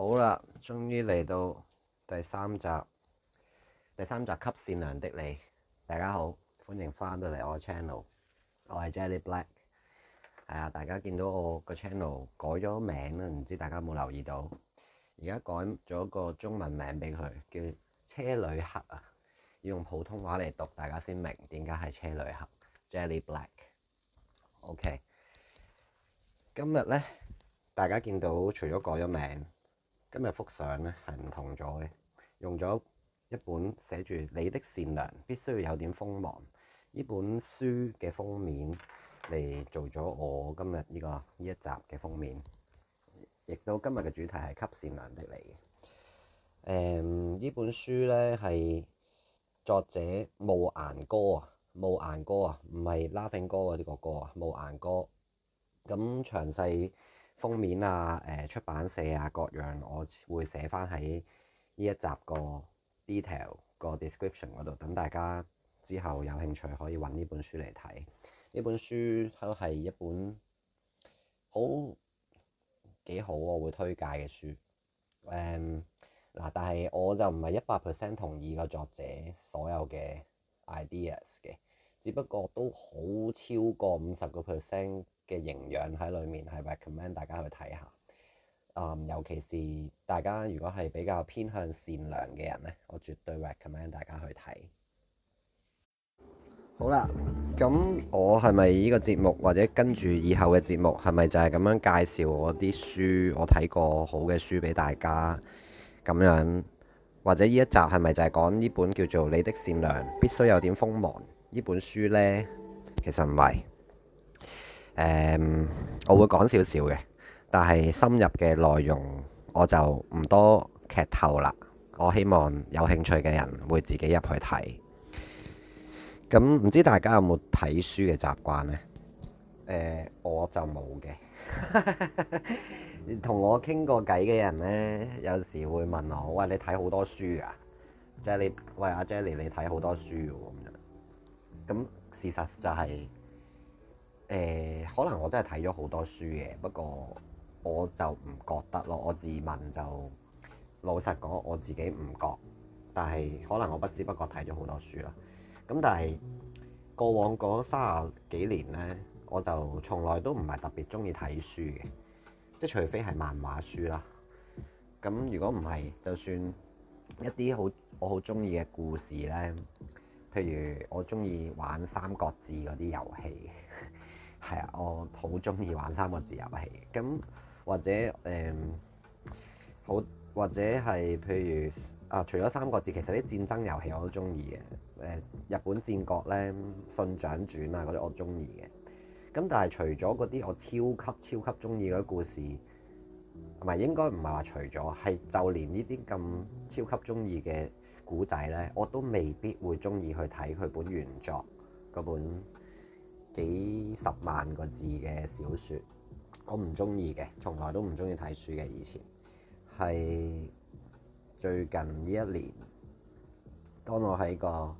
好啦，終於嚟到第三集，第三集給善良的你。大家好，歡迎翻到嚟我 channel，我係 Jelly Black。係啊，大家見到我個 channel 改咗名啦，唔知大家有冇留意到？而家改咗個中文名俾佢，叫車旅客啊，要用普通話嚟讀，大家先明點解係車旅客。Jelly Black，OK。今日咧，大家見到除咗改咗名。今日幅相咧係唔同咗嘅，用咗一本寫住你的善良必須要有點鋒芒呢本書嘅封面嚟做咗我今日呢個呢一集嘅封面，亦都今日嘅主題係給善良的你嘅。誒呢、嗯、本書咧係作者慕顏歌啊，慕顏歌啊，唔係 Laughing 哥嗰啲哥哥啊，慕顏歌。咁詳細。封面啊，誒、呃、出版社啊，各樣我會寫翻喺呢一集個 detail 個 description 嗰度，等大家之後有興趣可以揾呢本書嚟睇。呢本書都係一本好幾好、啊、我會推介嘅書。誒嗱，但係我就唔係一百 percent 同意個作者所有嘅 ideas 嘅，只不過都好超過五十個 percent。嘅營養喺裏面係 recommend 大家去睇下，嗯，尤其是大家如果係比較偏向善良嘅人呢，我絕對 recommend 大家去睇。好啦，咁我係咪呢個節目或者跟住以後嘅節目係咪就係咁樣介紹我啲書，我睇過好嘅書俾大家咁樣，或者呢一集係咪就係講呢本叫做《你的善良必須有點鋒芒》呢本書呢？其實唔係。誒、um，我會講少少嘅，但係深入嘅內容我就唔多劇透啦。我希望有興趣嘅人會自己入去睇。咁唔知大家有冇睇書嘅習慣呢？誒、嗯，我就冇嘅。同 我傾過偈嘅人呢，有時會問我，喂，你睇好多書㗎、啊？即、就、係、是、你，喂阿、啊、Jenny，你睇好多書喎咁樣。咁事實就係、是。誒，可能我真係睇咗好多書嘅，不過我就唔覺得咯。我自問就老實講，我自己唔覺，但係可能我不知不覺睇咗好多書啦。咁但係過往嗰三十幾年呢，我就從來都唔係特別中意睇書嘅，即係除非係漫畫書啦。咁如果唔係，就算一啲好我好中意嘅故事呢，譬如我中意玩《三國志》嗰啲遊戲。係啊，我好中意玩三個字遊戲，咁或者誒、嗯、好或者係譬如啊，除咗三個字，其實啲戰爭遊戲我都中意嘅。誒日本戰國咧，《信長傳》啊嗰啲我中意嘅。咁但係除咗嗰啲我超級超級中意嗰啲故事，唔係，應該唔係話除咗係，就連呢啲咁超級中意嘅古仔咧，我都未必會中意去睇佢本原作嗰本。幾十萬個字嘅小説，我唔中意嘅，從來都唔中意睇書嘅。以前係最近呢一年，當我喺個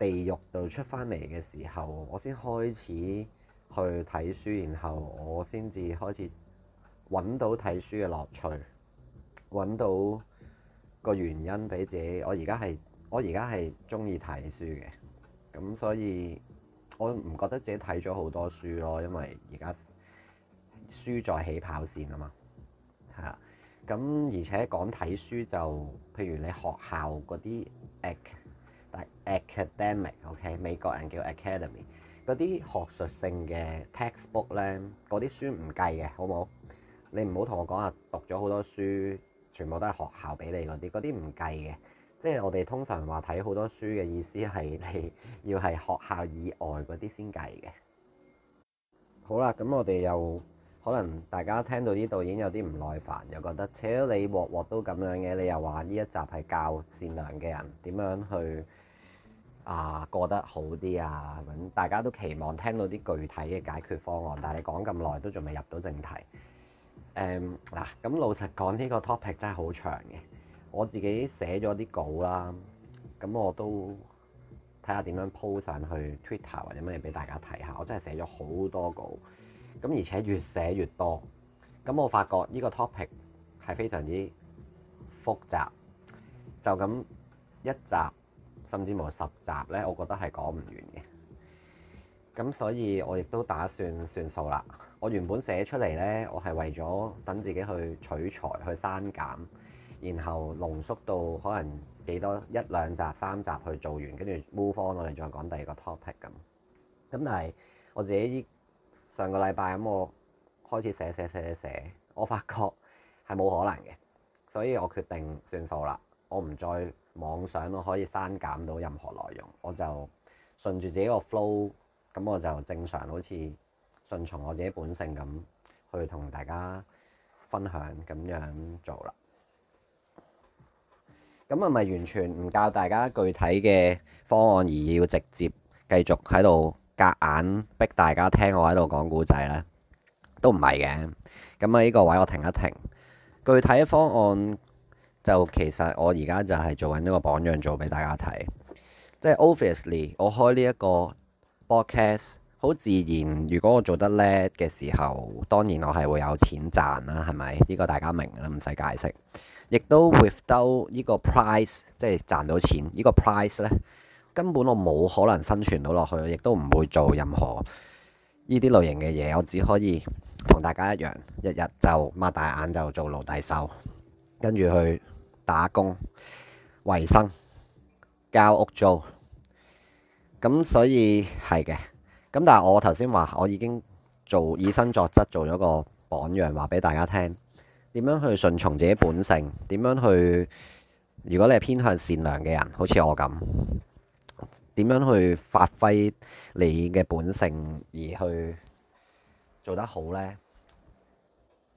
地獄度出返嚟嘅時候，我先開始去睇書，然後我先至開始揾到睇書嘅樂趣，揾到個原因俾自己。我而家係我而家係中意睇書嘅，咁所以。我唔覺得自己睇咗好多書咯，因為而家書在起跑線啊嘛，係啦。咁而且講睇書就，譬如你學校嗰啲 acad、academic，OK，美國人叫 academy，嗰啲學術性嘅 textbook 咧，嗰啲書唔計嘅，好唔好？你唔好同我講啊，讀咗好多書，全部都係學校俾你嗰啲，嗰啲唔計嘅。即係我哋通常話睇好多書嘅意思係你要係學校以外嗰啲先計嘅。好啦，咁我哋又可能大家聽到呢度已經有啲唔耐煩，又覺得扯你鑊鑊都咁樣嘅，你又話呢一集係教善良嘅人點樣去啊過得好啲啊？咁大家都期望聽到啲具體嘅解決方案，但係你講咁耐都仲未入到正題。誒、嗯、嗱，咁老實講呢、呢個 topic 真係好長嘅。我自己寫咗啲稿啦，咁我都睇下點樣 post 上去 Twitter 或者乜嘢俾大家睇下。我真係寫咗好多稿，咁而且越寫越多，咁我發覺呢個 topic 係非常之複雜，就咁一集甚至冇十集呢，我覺得係講唔完嘅。咁所以，我亦都打算算數啦。我原本寫出嚟呢，我係為咗等自己去取材去刪減。然後濃縮到可能幾多一兩集、三集去做完，跟住 move on，我哋再講第二個 topic 咁。咁但係我自己上個禮拜咁，我開始寫寫寫寫寫，我發覺係冇可能嘅，所以我決定算數啦。我唔再妄想我可以刪減到任何內容，我就順住自己個 flow，咁我就正常好似順從我自己本性咁去同大家分享咁樣做啦。咁係咪完全唔教大家具體嘅方案，而要直接繼續喺度夾硬逼大家聽我喺度講故仔呢？都唔係嘅。咁啊，呢個位我停一停。具體嘅方案就其實我而家就係做緊呢個榜樣做俾大家睇。即係 obviously，我開呢一個 broadcast 好自然。如果我做得叻嘅時候，當然我係會有錢賺啦，係咪？呢個大家明啦，唔使解釋。亦都 without 呢個 price，即係賺到錢。這個、呢個 price 咧，根本我冇可能生存到落去，亦都唔會做任何呢啲類型嘅嘢。我只可以同大家一樣，日日就擘大眼就做奴隸手，跟住去打工、維生、交屋租。咁所以係嘅。咁但係我頭先話，我已經做以身作則，做咗個榜樣，話俾大家聽。點樣去順從自己本性？點樣去？如果你係偏向善良嘅人，好似我咁，點樣去發揮你嘅本性而去做得好呢？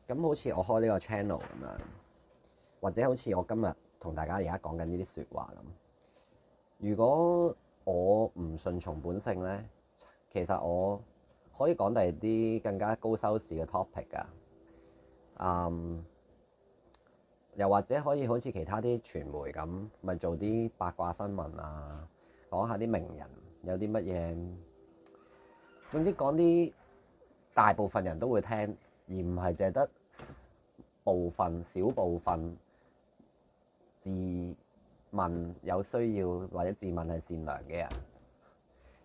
咁好似我開呢個 channel 咁樣，或者好似我今日同大家而家講緊呢啲説話咁。如果我唔順從本性呢，其實我可以講第二啲更加高收視嘅 topic 噶。嗯，um，又或者可以好似其他啲傳媒咁，咪做啲八卦新聞啊，講下啲名人有啲乜嘢，總之講啲大部分人都會聽，而唔係淨得部分小部分自問有需要或者自問係善良嘅人，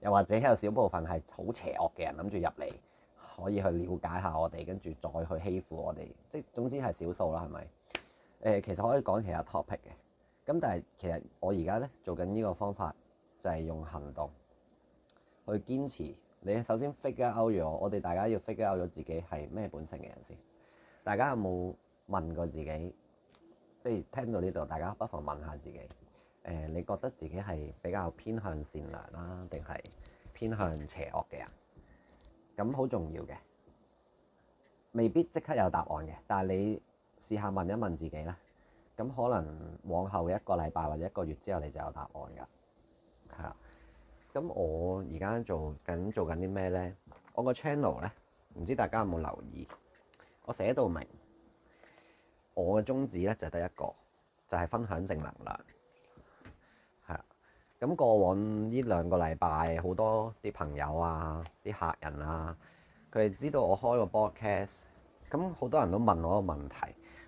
又或者有少部分係好邪惡嘅人諗住入嚟。可以去了解下我哋，跟住再去欺負我哋，即係總之係少數啦，係咪？誒，其實可以講其他 topic 嘅，咁但係其實我而家咧做緊呢個方法就係、是、用行動去堅持。你首先 figure out 咗，我哋大家要 figure out 咗自己係咩本性嘅人先。大家有冇問過自己？即係聽到呢度，大家不妨問下自己。誒、呃，你覺得自己係比較偏向善良啦，定係偏向邪惡嘅人？咁好重要嘅，未必即刻有答案嘅。但係你試下問一問自己啦。咁可能往後一個禮拜或者一個月之後，你就有答案噶。係啦、嗯，咁我而家做緊做緊啲咩咧？我個 channel 咧，唔知大家有冇留意？我寫到明我嘅宗旨咧，就係得一個，就係、是、分享正能量。咁過往呢兩個禮拜，好多啲朋友啊、啲客人啊，佢哋知道我開個 b o a d c a s t，咁好多人都問我個問題，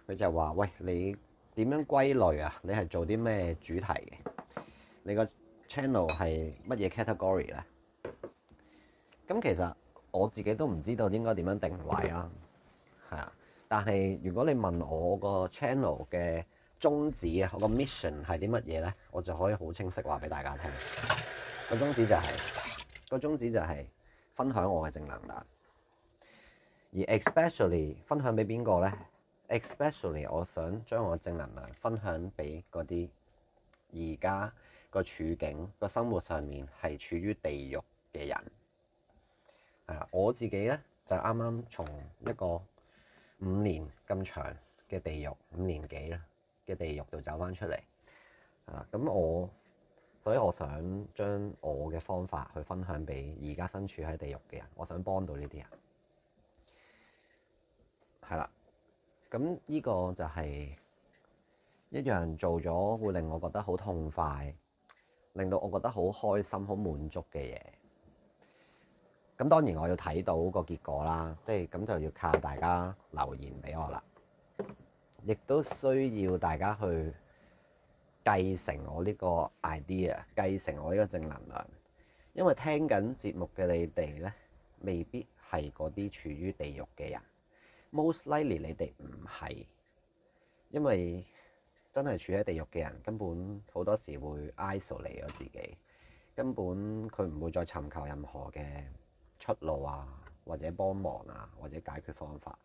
佢就話：喂，你點樣歸類啊？你係做啲咩主題嘅？你個 channel 係乜嘢 category 咧？咁其實我自己都唔知道應該點樣定位啦，係啊。但係如果你問我個 channel 嘅，宗旨啊，我個 mission 係啲乜嘢呢？我就可以好清晰話俾大家聽。個宗旨就係、是、個宗旨就係分享我嘅正能量。而 especially 分享俾邊個呢？especially 我想將我嘅正能量分享俾嗰啲而家個處境、個生活上面係處於地獄嘅人。我自己呢，就啱啱從一個五年咁長嘅地獄，五年幾啦。嘅地獄度走返出嚟，咁我，所以我想將我嘅方法去分享俾而家身處喺地獄嘅人，我想幫到呢啲人，係啦。咁呢個就係一樣做咗會令我覺得好痛快，令到我覺得好開心、好滿足嘅嘢。咁當然我要睇到個結果啦，即係咁就要靠大家留言俾我啦。亦都需要大家去繼承我呢個 idea，繼承我呢個正能量。因為聽緊節目嘅你哋咧，未必係嗰啲處於地獄嘅人。Most likely 你哋唔係，因為真係處喺地獄嘅人根本好多時會 isolate 咗自己，根本佢唔會再尋求任何嘅出路啊，或者幫忙啊，或者解決方法。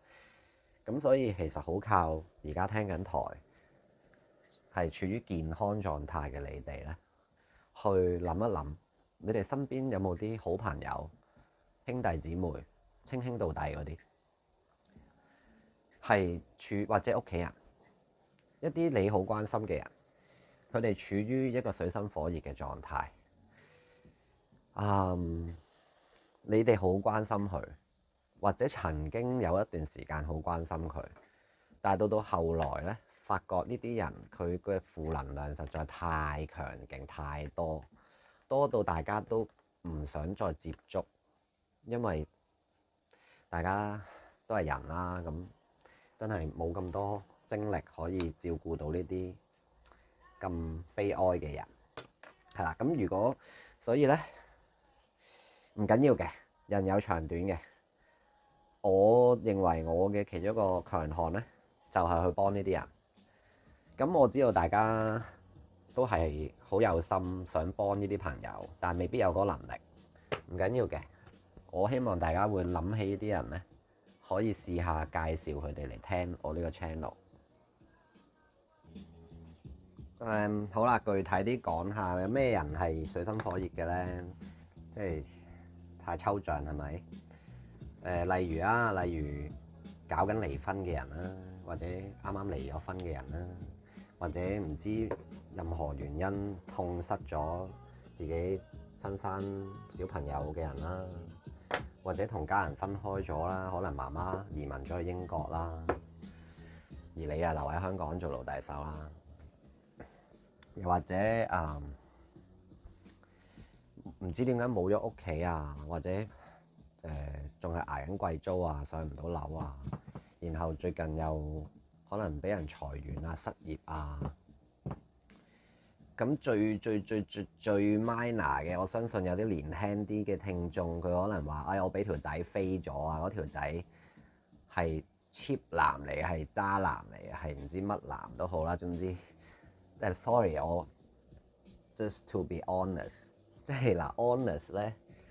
咁所以其實好靠而家聽緊台，係處於健康狀態嘅你哋咧，去諗一諗，你哋身邊有冇啲好朋友、兄弟姊妹、稱兄道弟嗰啲，係處或者屋企人，一啲你好關心嘅人，佢哋處於一個水深火熱嘅狀態。嗯、um，你哋好關心佢。或者曾經有一段時間好關心佢，但係到到後來呢，發覺呢啲人，佢嘅負能量實在太強勁太多，多到大家都唔想再接觸，因為大家都係人啦，咁真係冇咁多精力可以照顧到呢啲咁悲哀嘅人。係喇，咁如果所以呢，唔緊要嘅，人有長短嘅。我認為我嘅其中一個強項呢，就係去幫呢啲人。咁我知道大家都係好有心想幫呢啲朋友，但未必有嗰個能力，唔緊要嘅。我希望大家會諗起呢啲人呢，可以試下介紹佢哋嚟聽我呢個 channel。誒、嗯，好啦，具體啲講下，有咩人係水深火熱嘅呢？即係太抽象係咪？誒，例如啊，例如搞緊離婚嘅人啦，或者啱啱離咗婚嘅人啦，或者唔知任何原因痛失咗自己親生小朋友嘅人啦，或者同家人分開咗啦，可能媽媽移民咗去英國啦，而你啊，留喺香港做老大手啦，又或者啊，唔知點解冇咗屋企啊，或者誒。嗯仲係捱緊貴租啊，上唔到樓啊，然後最近又可能俾人裁員啊、失業啊，咁最最最最最 minor 嘅，我相信有啲年輕啲嘅聽眾，佢可能話：哎，我俾條仔飛咗啊！嗰條仔係 cheap 男嚟嘅，係渣男嚟嘅，係唔知乜男都好啦。總之，即係 sorry，我 just to be honest，即係嗱，honest 咧。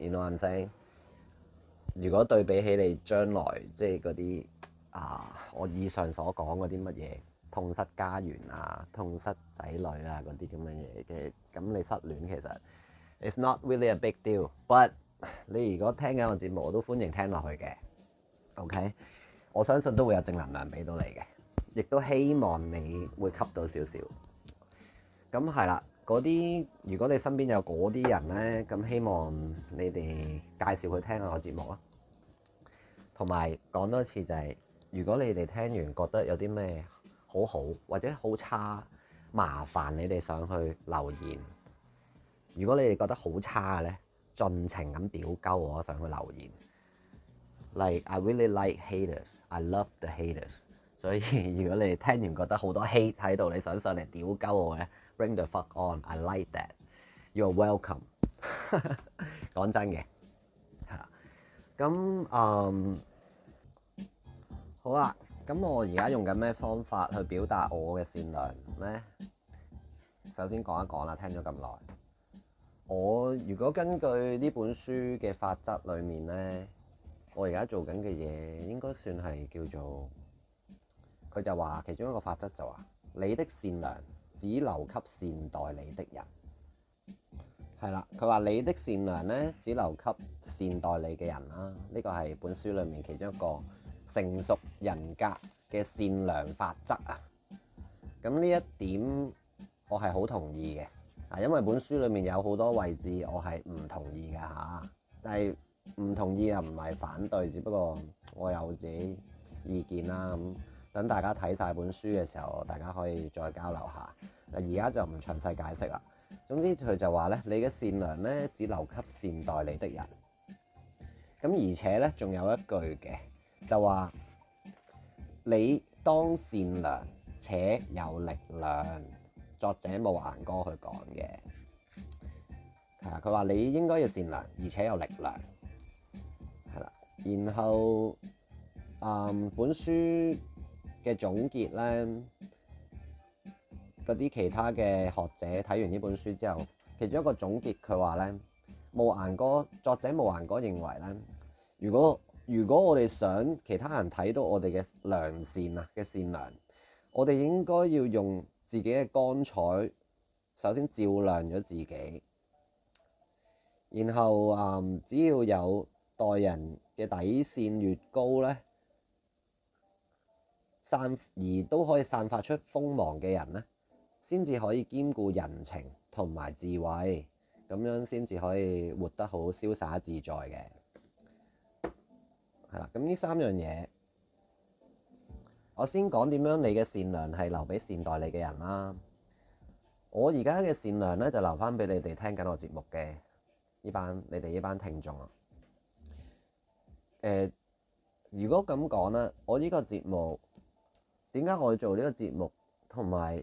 原嚟咁如果對比起你將來即係嗰啲啊，我以上所講嗰啲乜嘢，痛失家園啊，痛失仔女啊嗰啲咁嘅嘢嘅，咁你失戀其實，it's not really a big deal。But 你如果聽緊個節目，我都歡迎聽落去嘅。OK，我相信都會有正能量俾到你嘅，亦都希望你會吸到少少。咁係啦。嗰啲，如果你身邊有嗰啲人呢，咁希望你哋介紹佢聽下我節目啊。同埋講多次就係，如果你哋聽完覺得有啲咩好好或者好差，麻煩你哋上去留言。如果你哋覺得好差呢，盡情咁屌鳩我上去留言。Like I really like haters, I love the haters。所以如果你哋聽完覺得好多 hate 喺度，你想上嚟屌鳩我呢。Bring the fuck on！I like that you。 You're welcome。講真嘅，咁、um, 好啦、啊。咁我而家用緊咩方法去表達我嘅善良咧？首先講一講啦。聽咗咁耐，我如果根據呢本書嘅法則裡面咧，我而家做緊嘅嘢應該算係叫做佢就話其中一個法則就話你的善良。只留給善待你的人，係啦。佢話你的善良呢，只留給善待你嘅人啦。呢個係本書裏面其中一個成熟人格嘅善良法則啊。咁呢一點我係好同意嘅啊，因為本書裏面有好多位置我係唔同意㗎吓，但係唔同意又唔係反對，只不過我有自己意見啦。等大家睇晒本書嘅時候，大家可以再交流下。嗱，而家就唔詳細解釋啦。總之佢就話咧，你嘅善良咧，只留給善待你的人。咁而且咧，仲有一句嘅，就話你當善良且有力量。作者慕顏歌去講嘅，係啊，佢話你應該要善良，而且有力量。係啦，然後嗯、本書嘅總結咧，嗰啲其他嘅學者睇完呢本書之後，其中一個總結佢話咧，慕顏歌作者慕顏歌認為咧，如果如果我哋想其他人睇到我哋嘅良善啊嘅善良，我哋應該要用自己嘅光彩，首先照亮咗自己，然後誒、嗯、只要有待人嘅底線越高咧。散而都可以散發出鋒芒嘅人咧，先至可以兼顧人情同埋智慧，咁樣先至可以活得好瀟灑自在嘅。係啦，咁呢三樣嘢，我先講點樣。你嘅善良係留俾善待你嘅人啦。我而家嘅善良呢，就留翻俾你哋聽緊我節目嘅呢班，你哋呢班聽眾啊、呃。如果咁講咧，我呢個節目。點解我要做呢個節目，同埋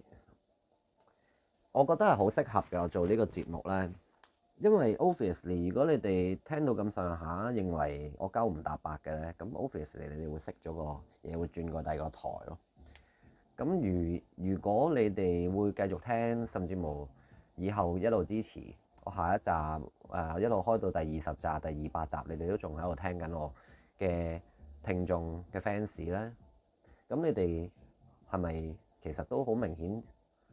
我覺得係好適合嘅我做呢個節目呢，因為 obviously，如果你哋聽到咁上下，認為我交唔搭白嘅呢，咁 obviously 你哋會熄咗個嘢，會轉過第二個台咯。咁如如果你哋會繼續聽，甚至乎以後一路支持我下一集誒一路開到第二十集、第二百集，你哋都仲喺度聽緊我嘅聽眾嘅 fans 咧。咁你哋係咪其實都好明顯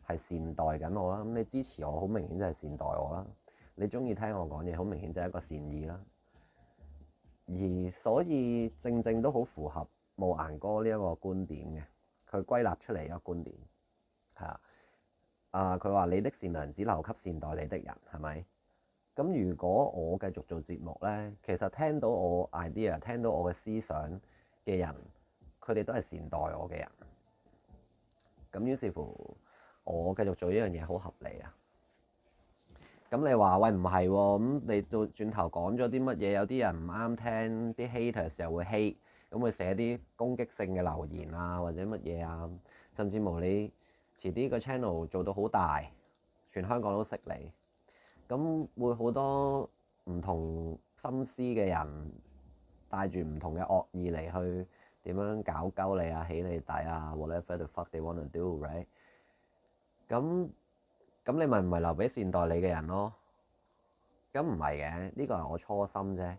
係善待緊我啦？咁你支持我，好明顯就係善待我啦。你中意聽我講嘢，好明顯就係一個善意啦。而所以正正都好符合慕顏歌呢一個觀點嘅，佢歸納出嚟一個觀點，係啊，佢話你的善良只留給善待你的人，係咪？咁如果我繼續做節目呢，其實聽到我 idea、聽到我嘅思想嘅人。佢哋都係善待我嘅人，咁於是乎我繼續做呢樣嘢好合理啊。咁你話喂，唔係喎，咁你到轉頭講咗啲乜嘢？有啲人唔啱聽，啲 hater 成日會 hate，咁會寫啲攻擊性嘅留言啊，或者乜嘢啊，甚至乎你遲啲個 channel 做到好大，全香港都識你，咁會好多唔同心思嘅人帶住唔同嘅惡意嚟去。點樣搞鳩你啊？起你底啊？Whatever the fuck they want to do, right？咁咁你咪唔係留俾善待你嘅人咯？咁唔係嘅，呢個係我初心啫。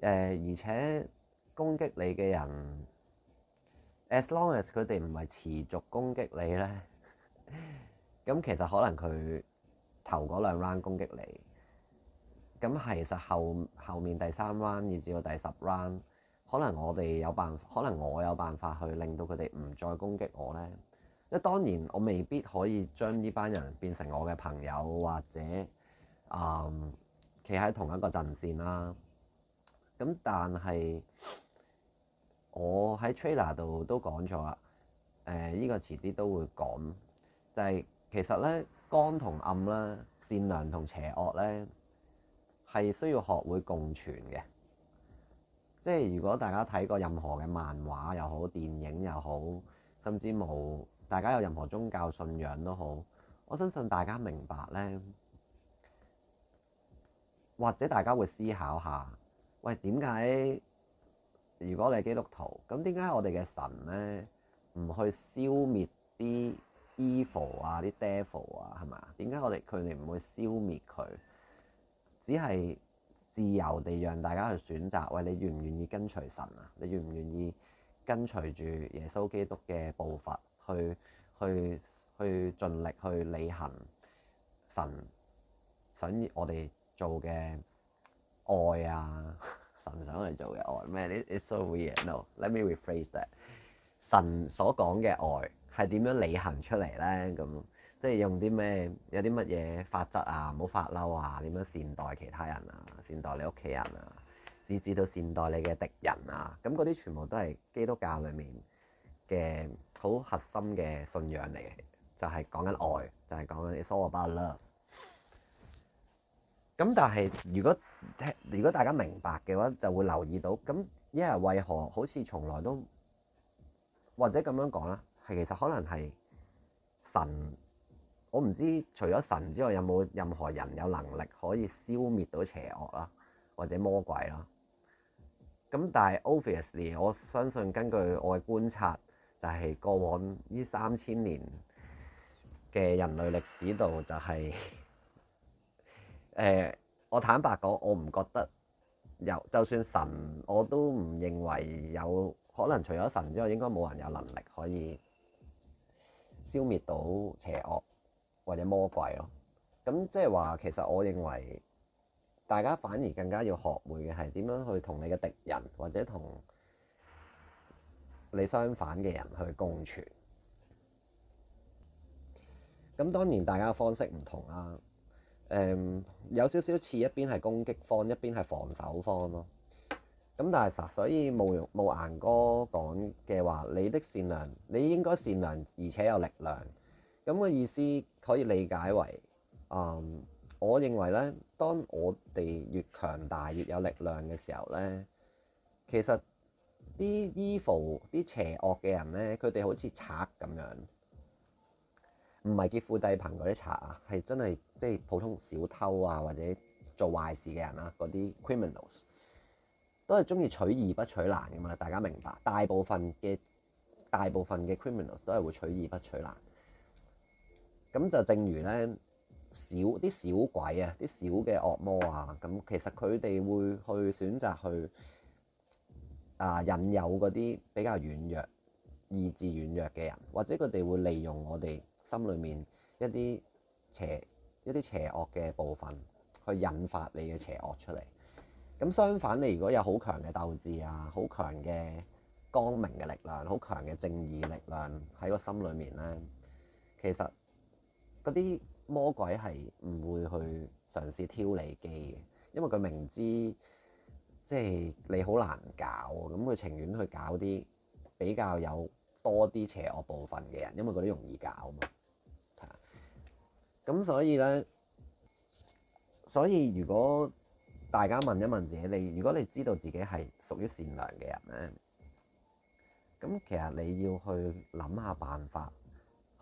誒，而且攻擊你嘅人，as long as 佢哋唔係持續攻擊你咧，咁其實可能佢頭嗰兩 round 攻擊你，咁係其實後後面第三 round 以至到第十 round。可能我哋有辦法，可能我有辦法去令到佢哋唔再攻擊我咧。因為當然我未必可以將呢班人變成我嘅朋友，或者啊，企、呃、喺同一個陣線啦、啊。咁、嗯、但係我喺 trailer 度都講咗啦，誒、呃、呢、這個遲啲都會講，就係、是、其實咧光同暗啦，善良同邪惡咧係需要學會共存嘅。即係如果大家睇過任何嘅漫畫又好，電影又好，甚至冇大家有任何宗教信仰都好，我相信大家明白咧，或者大家會思考下，喂點解？如果你係基督徒，咁點解我哋嘅神咧唔去消滅啲 evil 啊、啲 devil 啊，係咪啊？點解我哋佢哋唔會消滅佢？只係。自由地讓大家去選擇，喂，你願唔願意跟隨神啊？你願唔願意跟隨住耶穌基督嘅步伐去去去盡力去履行神想我哋做嘅愛啊！神想我哋做嘅愛咩？It's so weird。No，let me rephrase that。神所講嘅愛係點樣履行出嚟咧咁？即係用啲咩有啲乜嘢法則啊，唔好發嬲啊，點樣善待其他人啊，善待你屋企人啊，甚至到善待你嘅敵人啊，咁嗰啲全部都係基督教裏面嘅好核心嘅信仰嚟嘅，就係講緊愛，就係講緊你 so what love。咁但係如果如果大家明白嘅話，就會留意到咁，一係為何好似從來都或者咁樣講啦，係其實可能係神。我唔知除咗神之外，有冇任何人有能力可以消滅到邪惡啦，或者魔鬼啦。咁但係 obviously，我相信根據我嘅觀察，就係過往呢三千年嘅人類歷史度，就係誒，我坦白講，我唔覺得有，就算神我都唔認為有可能。除咗神之外，應該冇人有能力可以消滅到邪惡。或者魔鬼咯、啊，咁即係話，其實我認為大家反而更加要學會嘅係點樣去同你嘅敵人或者同你相反嘅人去共存。咁當然大家方式唔同啦、啊，誒、嗯、有少少似一邊係攻擊方，一邊係防守方咯、啊。咁但係實所以慕容慕顏哥講嘅話，你的善良，你應該善良而且有力量。咁、那、嘅、個、意思。可以理解為，嗯，我認為咧，當我哋越強大越有力量嘅時候咧，其實啲 evil、啲邪惡嘅人咧，佢哋好似賊咁樣，唔係劫富濟貧嗰啲賊啊，係真係即係普通小偷啊或者做壞事嘅人啊。嗰啲 criminals 都係中意取易不取難嘅嘛，大家明白？大部分嘅大部分嘅 criminals 都係會取易不取難。咁就正如咧，小啲小鬼啊，啲小嘅惡魔啊，咁其實佢哋會去選擇去啊引誘嗰啲比較軟弱、意志軟弱嘅人，或者佢哋會利用我哋心裏面一啲邪一啲邪惡嘅部分去引發你嘅邪惡出嚟。咁相反，你如果你有好強嘅鬥志啊，好強嘅光明嘅力量，好強嘅正義力量喺個心裏面咧，其實～嗰啲魔鬼係唔會去嘗試挑你機嘅，因為佢明知即係你好難搞，咁佢情願去搞啲比較有多啲邪惡部分嘅人，因為嗰啲容易搞嘛。咁，嗯，所以呢，所以如果大家問一問自己，你如果你知道自己係屬於善良嘅人呢，咁其實你要去諗下辦法。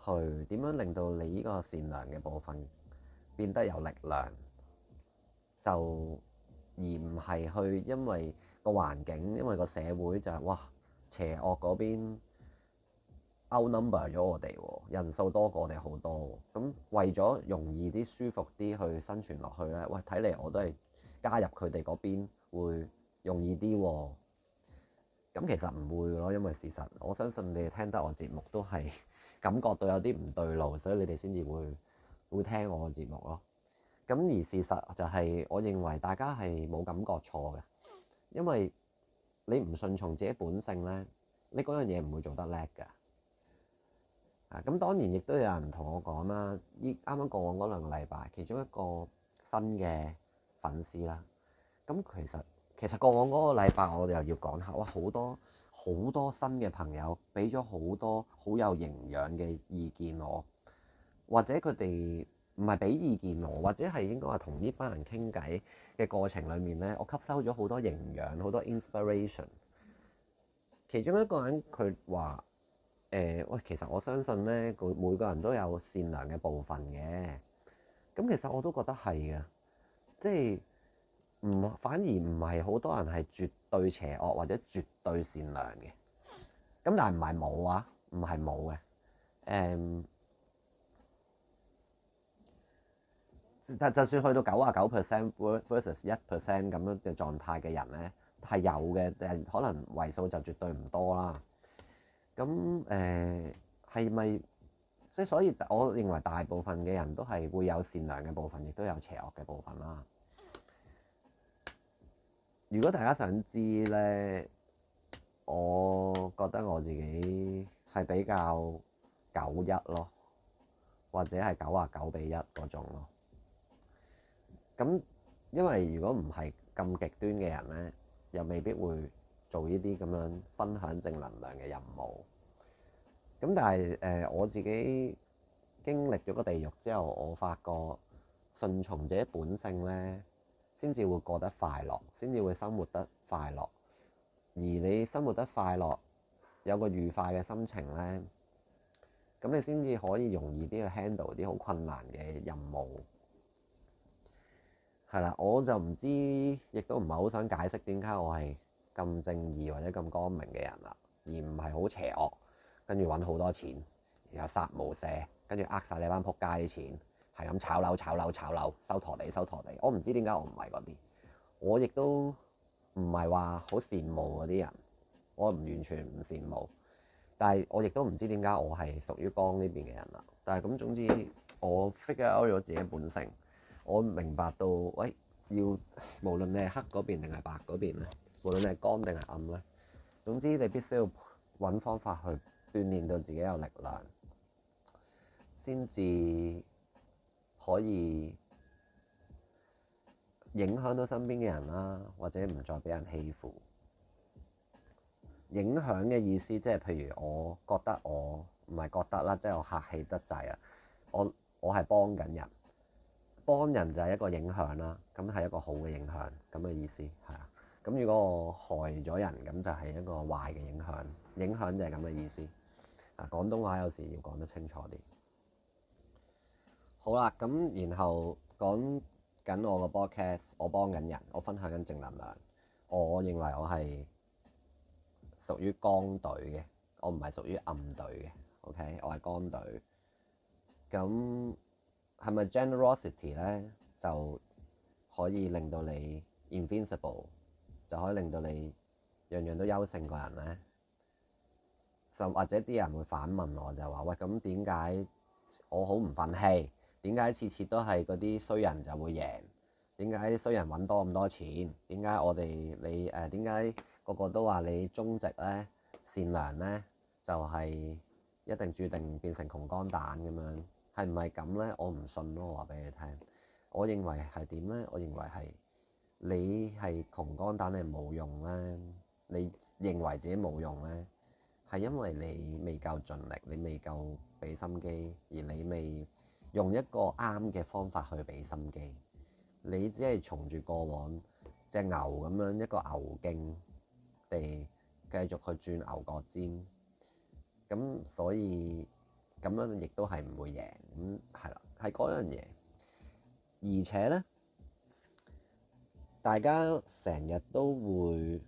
去點樣令到你呢個善良嘅部分變得有力量，就而唔係去因為個環境，因為個社會就係，哇邪惡嗰邊 out number 咗我哋，人數多過我哋好多。咁為咗容易啲、舒服啲去生存落去咧，喂，睇嚟我都係加入佢哋嗰邊會容易啲。咁其實唔會咯，因為事實我相信你哋聽得我節目都係。感覺到有啲唔對路，所以你哋先至會會聽我嘅節目咯。咁而事實就係，我認為大家係冇感覺錯嘅，因為你唔順從自己本性呢，你嗰樣嘢唔會做得叻㗎。啊，咁當然亦都有人同我講啦，依啱啱過往嗰兩個禮拜，其中一個新嘅粉絲啦。咁其實其實過往嗰個禮拜我哋又要講下，哇好多。好多新嘅朋友俾咗好多好有營養嘅意見我，或者佢哋唔係俾意見我，或者係應該話同呢班人傾偈嘅過程裡面呢，我吸收咗好多營養，好多 inspiration。其中一個人佢話：誒、呃、喂，其實我相信呢，每每個人都有善良嘅部分嘅。咁其實我都覺得係嘅，即係。唔，反而唔係好多人係絕對邪惡或者絕對善良嘅，咁但係唔係冇啊？唔係冇嘅，誒，但、嗯、就算去到九啊九 percent versus 一 percent 咁樣嘅狀態嘅人咧，係有嘅，但係可能為數就絕對唔多啦。咁誒係咪即係所以，我認為大部分嘅人都係會有善良嘅部分，亦都有邪惡嘅部分啦。如果大家想知呢，我覺得我自己係比較九一咯，或者係九啊九比一嗰種咯。咁因為如果唔係咁極端嘅人呢，又未必會做呢啲咁樣分享正能量嘅任務。咁但係誒、呃，我自己經歷咗個地獄之後，我發覺順從者本性呢。先至會過得快樂，先至會生活得快樂。而你生活得快樂，有個愉快嘅心情呢，咁你先至可以容易啲去 handle 啲好困難嘅任務。係啦，我就唔知，亦都唔係好想解釋點解我係咁正義或者咁光明嘅人啦，而唔係好邪惡，跟住揾好多錢，然後殺無赦，跟住呃晒你班仆街啲錢。係咁炒樓、炒樓、炒樓，收陀地、收陀地。我唔知點解我唔係嗰啲，我亦都唔係話好羨慕嗰啲人，我唔完全唔羨慕，但係我亦都唔知點解我係屬於光呢邊嘅人啦。但係咁總之，我 figure out 咗自己本性，我明白到喂、哎，要無論你係黑嗰邊定係白嗰邊咧，無論你係光定係暗咧，總之你必須要揾方法去鍛鍊到自己有力量，先至可以影響到身邊嘅人啦，或者唔再俾人欺負。影響嘅意思，即係譬如我覺得我唔係覺得啦，即係我客氣得滯啊。我我係幫緊人，幫人就係一個影響啦。咁係一個好嘅影響，咁嘅意思係啊。咁如果我害咗人，咁就係一個壞嘅影響。影響就係咁嘅意思。啊，廣東話有時要講得清楚啲。好啦，咁然後講緊我個 broadcast，我幫緊人，我分享緊正能量。我認為我係屬於光隊嘅，我唔係屬於暗隊嘅。OK，我係光隊。咁係咪 generosity 呢？就可以令到你 invincible，就可以令到你樣樣都優勝過人呢？就或者啲人會反問我，就話喂咁點解我好唔忿氣？點解次次都係嗰啲衰人就會贏？點解啲衰人揾多咁多錢？點解我哋你誒點解個個都話你忠直咧、善良呢？就係一定注定變成窮光蛋咁樣？係唔係咁呢？我唔信咯，我話俾你聽，我認為係點呢？我認為係你係窮光蛋，你冇用呢？你認為自己冇用呢？係因為你未夠盡力，你未夠俾心機，而你未，用一個啱嘅方法去俾心機，你只係從住過往隻牛咁樣一個牛勁地繼續去轉牛角尖，咁所以咁樣亦都係唔會贏，咁係啦，係嗰樣嘢，而且呢，大家成日都會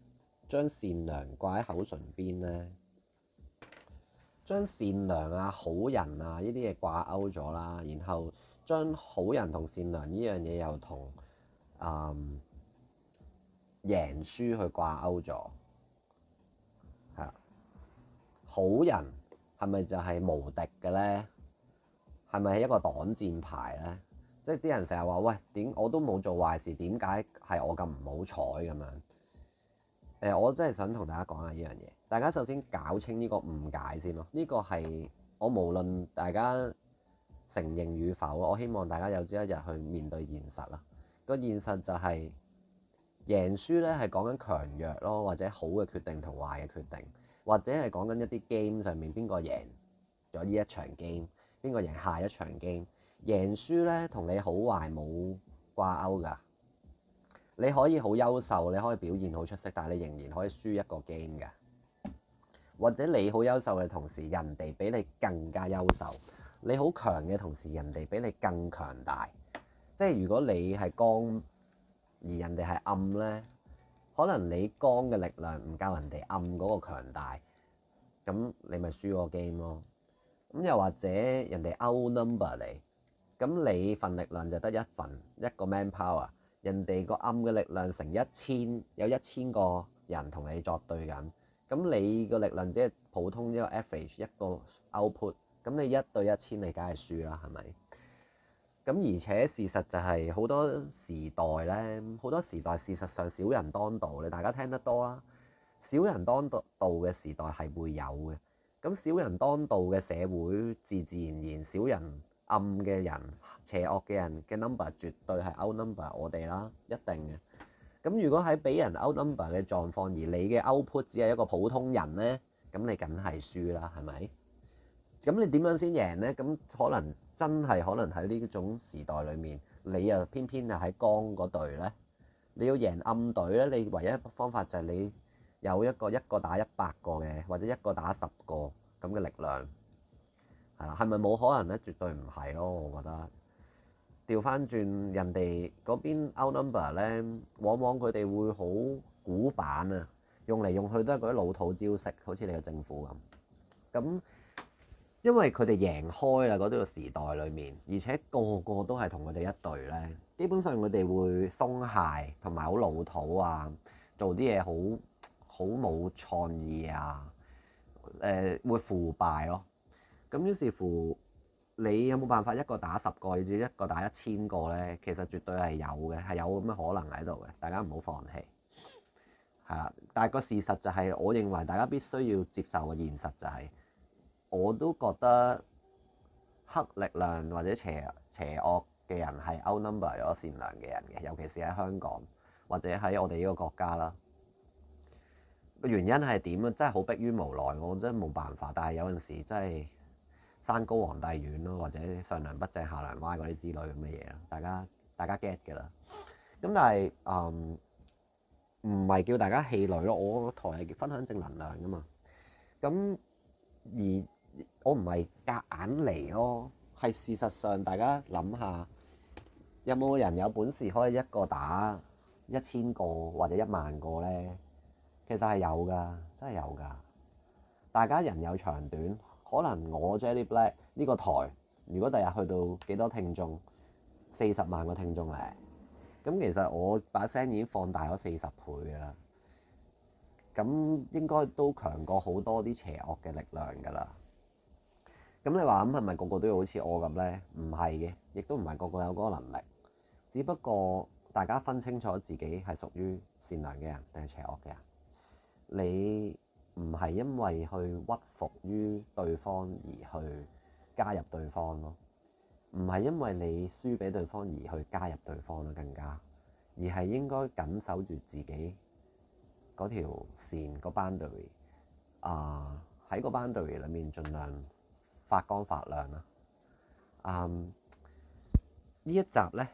將善良掛喺口唇邊呢。將善良啊、好人啊呢啲嘢掛鈎咗啦，然後將好人同善良呢樣嘢又同誒、嗯、贏輸去掛鈎咗，係好人係咪就係無敵嘅呢？係咪係一個擋箭牌呢？即係啲人成日話：喂，點我都冇做壞事，點解係我咁唔好彩咁樣？我真係想同大家講下呢樣嘢。大家首先搞清呢個誤解先咯。呢個係我，無論大家承認與否，我希望大家有朝一日去面對現實啦。個現實就係贏輸咧係講緊強弱咯，或者好嘅決定同壞嘅決定，或者係講緊一啲 game 上面邊個贏咗呢一場 game，邊個贏下一場 game。贏輸咧同你好壞冇掛鈎㗎。你可以好優秀，你可以表現好出色，但係你仍然可以輸一個 game 㗎。或者你好優秀嘅同時，人哋比你更加優秀；你好強嘅同時，人哋比你更強大。即係如果你係光，而人哋係暗呢，可能你光嘅力量唔夠人哋暗嗰個強大，咁你咪輸個 game 咯。咁又或者人哋 out number 你，咁你份力量就得一份一個 man power，人哋個暗嘅力量成一千，有一千個人同你作對緊。咁你個力量只係普通一個 average 一個 output，咁你一對一千你梗係輸啦，係咪？咁而且事實就係好多時代咧，好多時代事實上小人當道，你大家聽得多啦。小人當道嘅時代係會有嘅。咁小人當道嘅社會，自自然然小人暗嘅人、邪惡嘅人嘅 number 絕對係 outnumber 我哋啦，一定嘅。咁如果喺俾人 out number 嘅狀況，而你嘅 output 只係一個普通人呢，咁你梗係輸啦，係咪？咁你點樣先贏呢？咁可能真係可能喺呢種時代裏面，你又偏偏又喺光嗰隊呢？你要贏暗隊呢，你唯一方法就係你有一個一個打一百個嘅，或者一個打十個咁嘅力量，係啦，係咪冇可能呢？絕對唔係咯，我覺得。掉返轉人哋嗰邊 outnumber 咧，往往佢哋會好古板啊，用嚟用去都係嗰啲老土招式，好似你嘅政府咁。咁因為佢哋贏開啦嗰啲個時代裏面，而且個個都係同佢哋一隊咧，基本上佢哋會鬆懈同埋好老土啊，做啲嘢好好冇創意啊，誒、呃、會腐敗咯。咁於是乎。你有冇辦法一個打十個，甚至一個打一千個呢？其實絕對係有嘅，係有咁嘅可能喺度嘅。大家唔好放棄，係啦。但係個事實就係，我認為大家必須要接受嘅現實就係，我都覺得黑力量或者邪邪惡嘅人係 outnumber 咗善良嘅人嘅，尤其是喺香港或者喺我哋呢個國家啦。個原因係點啊？真係好迫於無奈，我真係冇辦法。但係有陣時真係。山高皇帝遠咯，或者上梁不正下梁歪嗰啲之類咁嘅嘢，大家大家 get 㗎啦。咁但係，嗯，唔係叫大家氣餒咯，我台係分享正能量㗎嘛。咁而我唔係夾硬嚟咯，係事實上大家諗下，有冇人有本事可以一個打一千個或者一萬個咧？其實係有㗎，真係有㗎。大家人有長短。可能我 Jelly Black 呢個台，如果第日去到幾多聽眾？四十萬個聽眾咧，咁其實我把聲已經放大咗四十倍噶啦。咁應該都強過好多啲邪惡嘅力量噶啦。咁你話咁係咪個個都要好似我咁咧？唔係嘅，亦都唔係個個有嗰個能力。只不過大家分清楚自己係屬於善良嘅人定係邪惡嘅人。你？唔係因為去屈服於對方而去加入對方咯，唔係因為你輸俾對方而去加入對方咯，更加，而係應該緊守住自己嗰條線嗰 boundary，啊喺嗰 boundary 裏面盡量發光發亮啦。嗯，呢一集呢，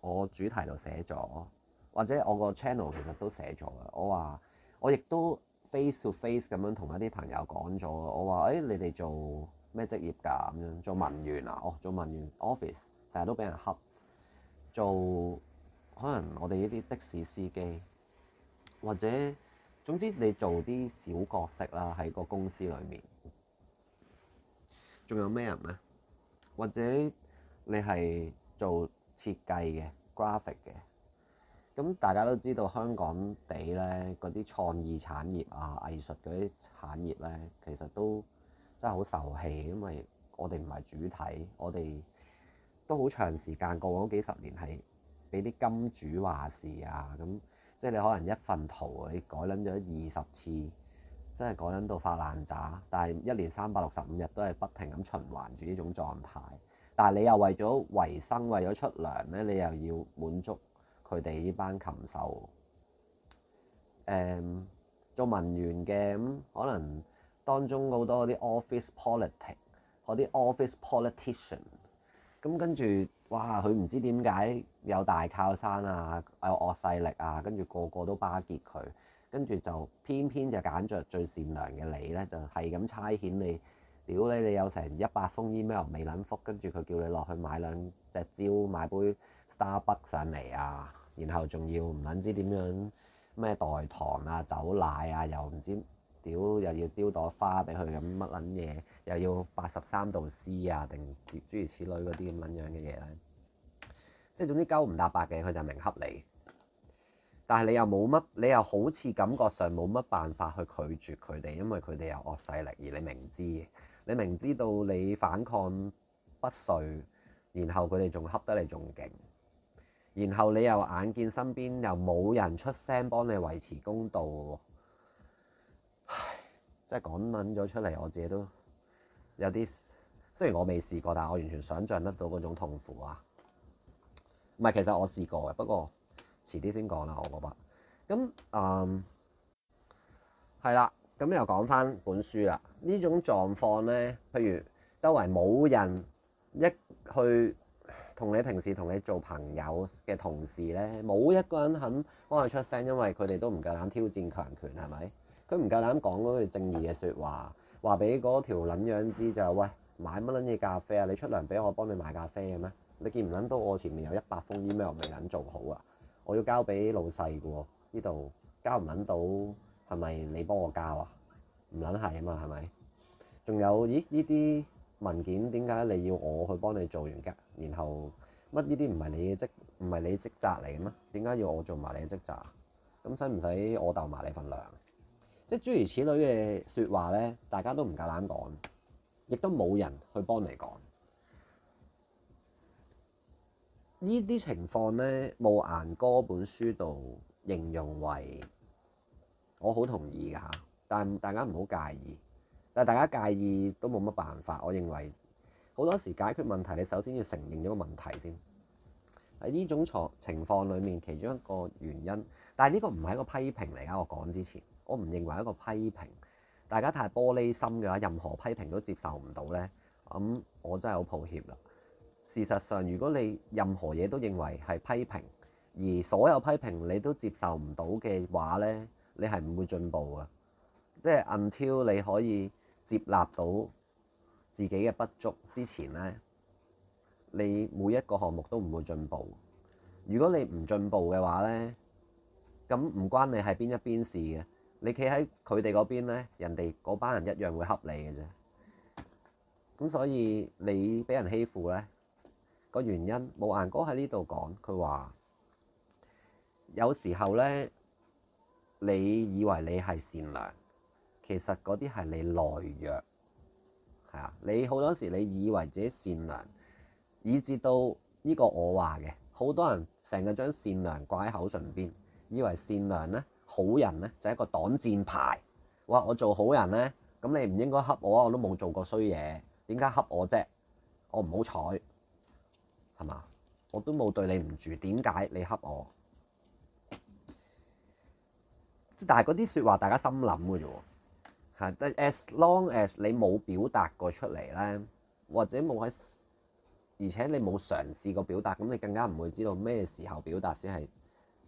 我主題就寫咗，或者我個 channel 其實都寫咗嘅，我話我亦都。face to face 咁樣同一啲朋友講咗，我話：誒，你哋做咩職業㗎？咁樣做文員啊？哦，做文員，office 成日都俾人恰。做可能我哋呢啲的士司機，或者總之你做啲小角色啦，喺個公司裡面。仲有咩人呢？或者你係做設計嘅，graphic 嘅？Graph 咁大家都知道香港地咧，嗰啲創意產業啊、藝術嗰啲產業咧，其實都真係好受氣，因為我哋唔係主體，我哋都好長時間過咗幾十年係俾啲金主話事啊。咁即係你可能一份圖你改撚咗二十次，真係改撚到發爛渣，但係一年三百六十五日都係不停咁循環住呢種狀態。但係你又為咗維生、為咗出糧咧，你又要滿足佢哋呢班禽獸，誒、um, 做文員嘅咁，可能當中好多啲 office politics，嗰啲 office politician，咁、嗯、跟住哇，佢唔知點解有大靠山啊，有惡勢力啊，跟住個個都巴結佢，跟住就偏偏就揀着最善良嘅你咧，就係咁差遣你，屌你，你有成一百封 email 未撚覆，跟住佢叫你落去買兩隻蕉，買杯。Starbucks 上嚟啊，然後仲要唔撚知點樣咩代糖啊、走奶啊，又唔知屌又要丟朵花俾佢咁乜撚嘢，又要八十三度 C 啊，定諸如此類嗰啲咁撚樣嘅嘢咧。即係總之鳩唔搭八嘅，佢就明恰你，但係你又冇乜，你又好似感覺上冇乜辦法去拒絕佢哋，因為佢哋有惡勢力，而你明知你明知道你反抗不遂，然後佢哋仲恰得你仲勁。然後你又眼見身邊又冇人出聲幫你維持公道，即真係講捻咗出嚟，我自己都有啲，雖然我未試過，但係我完全想像得到嗰種痛苦啊！唔係，其實我試過嘅，不過遲啲先講啦，我覺得，咁嗯，係啦，咁又講翻本書啦。呢種狀況呢，譬如周圍冇人一去。同你平時同你做朋友嘅同事呢，冇一個人肯幫佢出聲，因為佢哋都唔夠膽挑戰強權，係咪？佢唔夠膽講嗰句正義嘅説話，話俾嗰條撚樣知就喂，買乜撚嘢咖啡啊？你出糧俾我，我幫你買咖啡嘅啊咩？你見唔撚到我前面有一百封 email 未撚做好啊？我要交俾老細嘅喎，呢度交唔撚到係咪你幫我交啊？唔撚係啊嘛，係咪？仲有，咦？呢啲文件點解你要我去幫你做完㗎？然後乜呢啲唔係你嘅職唔係你職責嚟嘅咩？點解要我做埋你嘅職責？咁使唔使我鬥埋你份糧？即係諸如此類嘅説話呢，大家都唔夠膽講，亦都冇人去幫你講。呢啲情況呢，慕顏歌本書度形容為，我好同意㗎，但大家唔好介意。但大家介意都冇乜辦法，我認為。好多時解決問題，你首先要承認咗個問題先。喺呢種情況裏面，其中一個原因，但係呢個唔係一個批評嚟。喺我講之前，我唔認為一個批評，大家太玻璃心嘅話，任何批評都接受唔到呢。咁、嗯、我真係好抱歉啦。事實上，如果你任何嘢都認為係批評，而所有批評你都接受唔到嘅話呢，你係唔會進步嘅。即係 until 你可以接納到自己嘅不足之前呢，你每一個項目都唔會進步。如果你唔進步嘅話呢，咁唔關你係邊一邊事嘅。你企喺佢哋嗰邊呢，人哋嗰班人一樣會恰你嘅啫。咁所以你俾人欺負呢，個原因慕顏歌喺呢度講，佢話有時候呢，你以為你係善良，其實嗰啲係你懦弱。你好多時你以為自己善良，以至到呢個我話嘅，好多人成日將善良掛喺口唇邊，以為善良呢，好人呢，就係一個擋箭牌。哇！我做好人呢，咁你唔應該恰我啊！我都冇做過衰嘢，點解恰我啫？我唔好彩，係嘛？我都冇對你唔住，點解你恰我？但係嗰啲説話，大家心諗嘅啫喎。係，as long as 你冇表達過出嚟咧，或者冇喺，而且你冇嘗試過表達，咁你更加唔會知道咩時候表達先係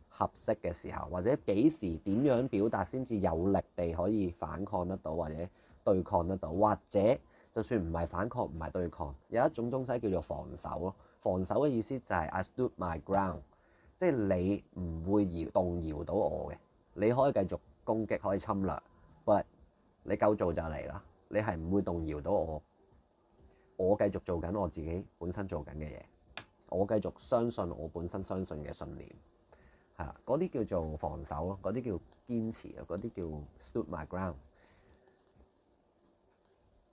合適嘅時候，或者幾時點樣表達先至有力地可以反抗得到，或者對抗得到，或者就算唔係反抗唔係對抗，有一種東西叫做防守咯。防守嘅意思就係 I stood my ground，即係你唔會搖動搖到我嘅，你可以繼續攻擊，可以侵略，but 你夠做就嚟啦！你係唔會動搖到我，我繼續做緊我自己本身做緊嘅嘢，我繼續相信我本身相信嘅信念係啦。嗰啲叫做防守咯，嗰啲叫堅持啊，嗰啲叫 stood my ground，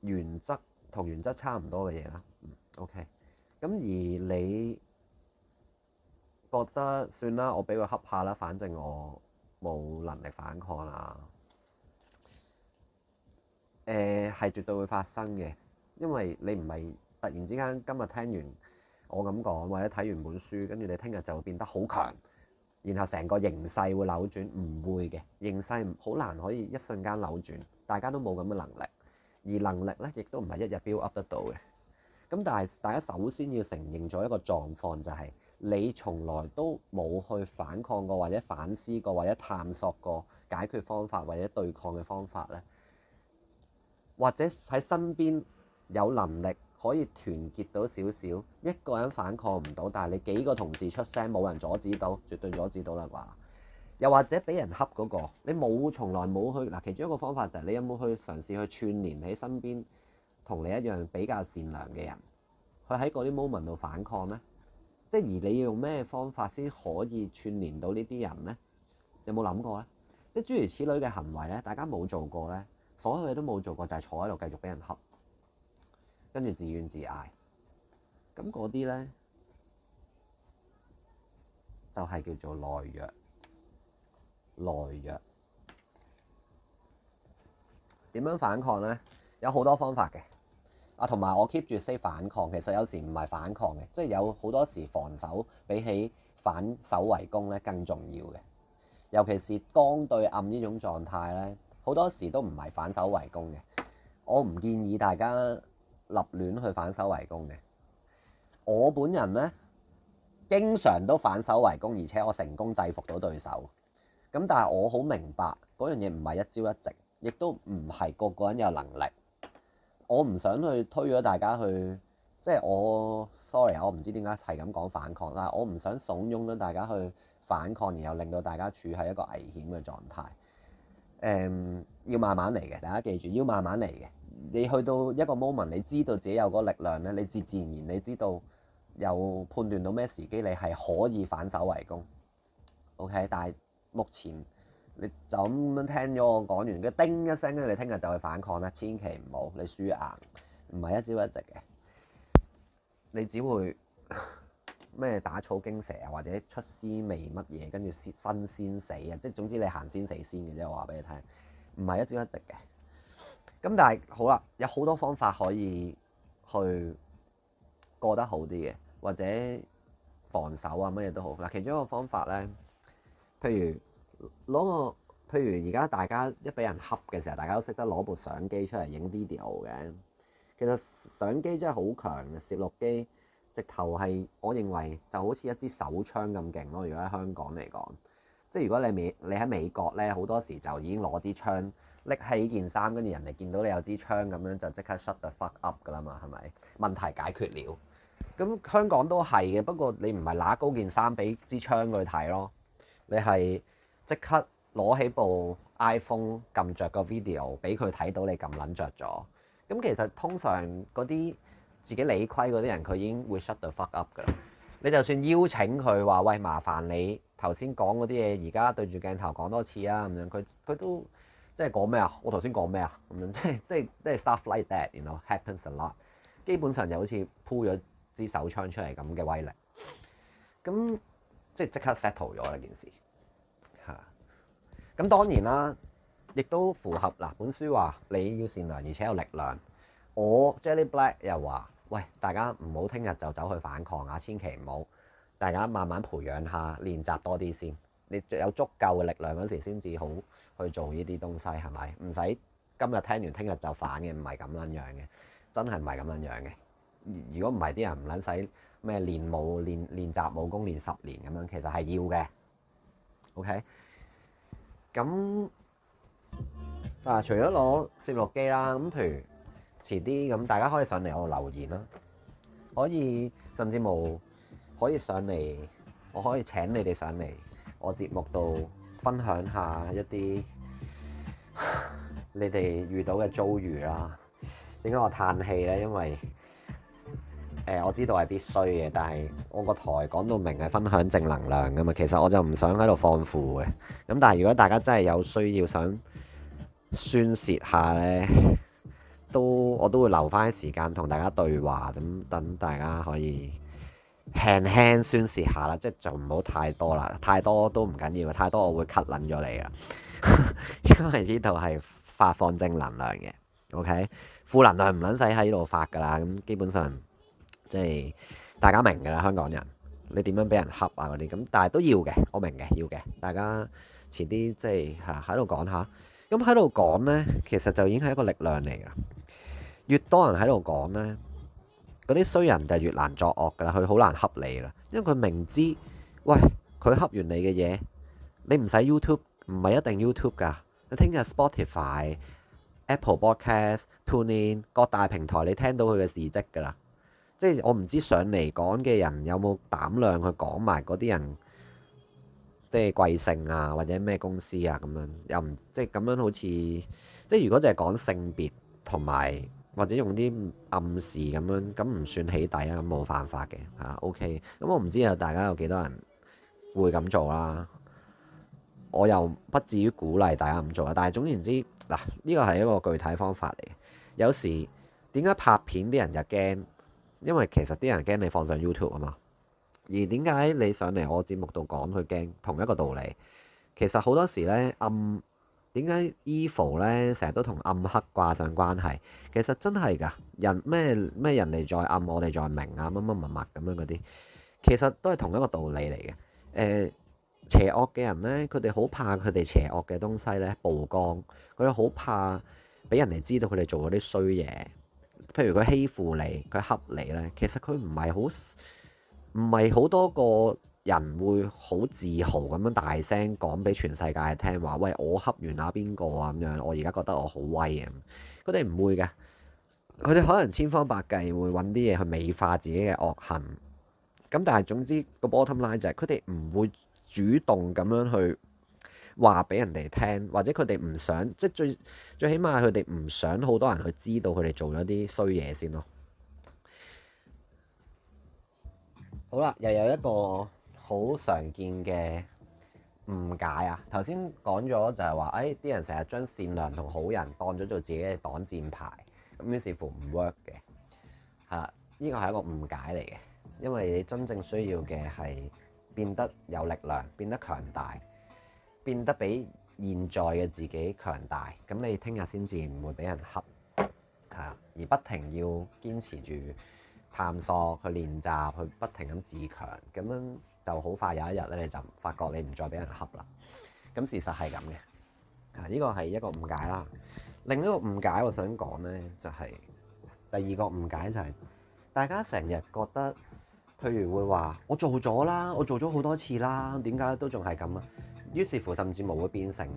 原則同原則差唔多嘅嘢啦。嗯，OK，咁而你覺得算啦，我俾佢恰下啦，反正我冇能力反抗啦。誒係、呃、絕對會發生嘅，因為你唔係突然之間今日聽完我咁講，或者睇完本書，跟住你聽日就會變得好強，然後成個形勢會扭轉，唔會嘅。形勢好難可以一瞬間扭轉，大家都冇咁嘅能力，而能力呢亦都唔係一日 build up 得到嘅。咁但係大家首先要承認咗一個狀況，就係、是、你從來都冇去反抗過，或者反思過，或者探索過解決方法或者對抗嘅方法呢。或者喺身邊有能力可以團結到少少，一個人反抗唔到，但係你幾個同事出聲，冇人阻止到，絕對阻止到啦啩。又或者俾人恰嗰個，你冇從來冇去嗱，其中一個方法就係你有冇去嘗試去串聯喺身邊同你一樣比較善良嘅人，佢喺嗰啲 moment 度反抗咧，即係而你要用咩方法先可以串聯到呢啲人呢？有冇諗過咧？即係諸如此類嘅行為咧，大家冇做過呢？所有嘢都冇做過，就係坐喺度繼續俾人恰，跟住自怨自艾。咁嗰啲咧就係叫做內弱。內弱點樣反抗咧？有好多方法嘅。啊，同埋我 keep 住 say 反抗，其實有時唔係反抗嘅，即係有好多時防守比起反守為攻咧更重要嘅。尤其是光對暗呢種狀態咧。好多時都唔係反守為攻嘅，我唔建議大家立亂去反守為攻嘅。我本人呢，經常都反守為攻，而且我成功制服到對手。咁但係我好明白嗰樣嘢唔係一朝一夕，亦都唔係個個人有能力。我唔想去推咗大家去，即係我 sorry，我唔知點解係咁講反抗，但係我唔想慫恿咗大家去反抗，然後令到大家處喺一個危險嘅狀態。誒、嗯、要慢慢嚟嘅，大家記住要慢慢嚟嘅。你去到一個 moment，你知道自己有個力量咧，你自自然然你知道有判斷到咩時機，你係可以反手為攻。OK，但係目前你就咁樣聽咗我講完，佢叮一聲咧，你聽日就去反抗咧，千祈唔好，你輸硬，唔係一朝一夕嘅，你只會。 咩打草驚蛇啊，或者出師未乜嘢，跟住先身先死啊！即係總之你行先死先嘅啫，我話俾你聽，唔係一朝一夕嘅。咁但係好啦，有好多方法可以去過得好啲嘅，或者防守啊乜嘢都好。嗱，其中一個方法咧，譬如攞個，譬如而家大家一俾人恰嘅時候，大家都識得攞部相機出嚟影 video 嘅。其實相機真係好強嘅攝錄機。直頭係，我認為就好似一支手槍咁勁咯。如果喺香港嚟講，即係如果你美你喺美國咧，好多時就已經攞支槍拎起件衫，跟住人哋見到你有支槍咁樣，就即刻 shut the fuck up 㗎啦嘛，係咪？問題解決了。咁香港都係嘅，不過你唔係揦高件衫俾支槍佢睇咯，你係即刻攞起部 iPhone 撳着個 video 俾佢睇到你撳撚着咗。咁其實通常嗰啲。自己理虧嗰啲人，佢已經會 shut the fuck up 噶啦。你就算邀請佢話喂，麻煩你頭先講嗰啲嘢，而家對住鏡頭講多次啊，咁樣佢佢都即係講咩啊？我頭先講咩啊？咁樣即係即係即係 stuff like that，然後 you know, happens a lot，基本上就好似鋪咗支手槍出嚟咁嘅威力。咁即係即刻 settle 咗呢件事嚇。咁當然啦，亦都符合嗱本書話你要善良而且有力量。我 Jelly Black 又話。喂，大家唔好聽日就走去反抗啊！千祈唔好，大家慢慢培養下，練習多啲先。你有足夠嘅力量嗰時，先至好去做呢啲東西，係咪？唔使今日聽完，聽日就反嘅，唔係咁樣樣嘅，真係唔係咁樣樣嘅。如果唔係，啲人唔撚使咩練武、練練習武功、練十年咁樣，其實係要嘅。OK，咁嗱，除咗攞攝錄機啦，咁譬如。遲啲咁，大家可以上嚟我留言啦，可以甚至冇可以上嚟，我可以請你哋上嚟我節目度分享下一啲 你哋遇到嘅遭遇啦。點解我嘆氣呢？因為、呃、我知道係必須嘅，但係我個台講到明係分享正能量㗎嘛。其實我就唔想喺度放負嘅。咁但係如果大家真係有需要想宣泄下呢。都我都會留翻啲時間同大家對話，咁等大家可以輕輕宣泄下啦，即係就唔好太多啦，太多都唔緊要，太多我會 cut 撚咗你啊， 因為呢度係發放正能量嘅，OK？負能量唔撚使喺呢度發㗎啦，咁基本上即係、就是、大家明㗎啦，香港人，你點樣俾人恰啊嗰啲，咁但係都要嘅，我明嘅，要嘅，大家前啲即係嚇喺度講下。咁喺度講呢，其實就已經係一個力量嚟㗎。越多人喺度講呢，嗰啲衰人就越難作惡㗎啦，佢好難恰你啦，因為佢明知，喂，佢恰完你嘅嘢，你唔使 YouTube，唔係一定 YouTube 㗎，你聽日 Spotify、Apple Podcast、TuneIn 各大平台，你聽到佢嘅事蹟㗎啦。即係我唔知上嚟講嘅人有冇膽量去講埋嗰啲人，即係貴姓啊，或者咩公司啊咁樣，又唔即係咁樣好似，即係如果淨係講性別同埋。或者用啲暗示咁樣，咁唔算起底啊，冇犯法嘅嚇。OK，嗯，咁我唔知啊，大家有幾多人會咁做啦？我又不至於鼓勵大家咁做啊。但係總言之，嗱呢個係一個具體方法嚟嘅。有時點解拍片啲人就驚？因為其實啲人驚你放上 YouTube 啊嘛。而點解你上嚟我節目度講佢驚？同一個道理。其實好多時呢。暗。點解 evil 咧成日都同暗黑掛上關係？其實真係㗎，人咩咩人哋在暗，我哋在明啊，乜乜乜乜咁樣嗰啲，其實都係同一個道理嚟嘅。誒、呃、邪惡嘅人咧，佢哋好怕佢哋邪惡嘅東西咧曝光，佢好怕俾人哋知道佢哋做咗啲衰嘢。譬如佢欺負你，佢恰你咧，其實佢唔係好，唔係好多個。人會好自豪咁樣大聲講俾全世界聽，話喂，我恰完阿邊個啊咁樣，我而家覺得我好威啊！佢哋唔會嘅，佢哋可能千方百計會揾啲嘢去美化自己嘅惡行。咁但係總之個 bottom line 就係佢哋唔會主動咁樣去話俾人哋聽，或者佢哋唔想，即係最最起碼佢哋唔想好多人去知道佢哋做咗啲衰嘢先咯。好啦，又有一個。好常見嘅誤解啊！頭先講咗就係話，誒、哎、啲人成日將善良同好人當咗做自己嘅擋箭牌，咁於是乎唔 work 嘅，係、啊、啦，呢個係一個誤解嚟嘅，因為你真正需要嘅係變得有力量，變得強大，變得比現在嘅自己強大，咁你聽日先至唔會俾人恰，係、啊、啦，而不停要堅持住。探索去練習去不停咁自強，咁樣就好快有一日咧，你就發覺你唔再俾人恰啦。咁事實係咁嘅，啊呢個係一個誤解啦。另一個誤解我想講呢，就係第二個誤解就係大家成日覺得，譬如會話我做咗啦，我做咗好多次啦，點解都仲係咁啊？於是乎甚至冇會變成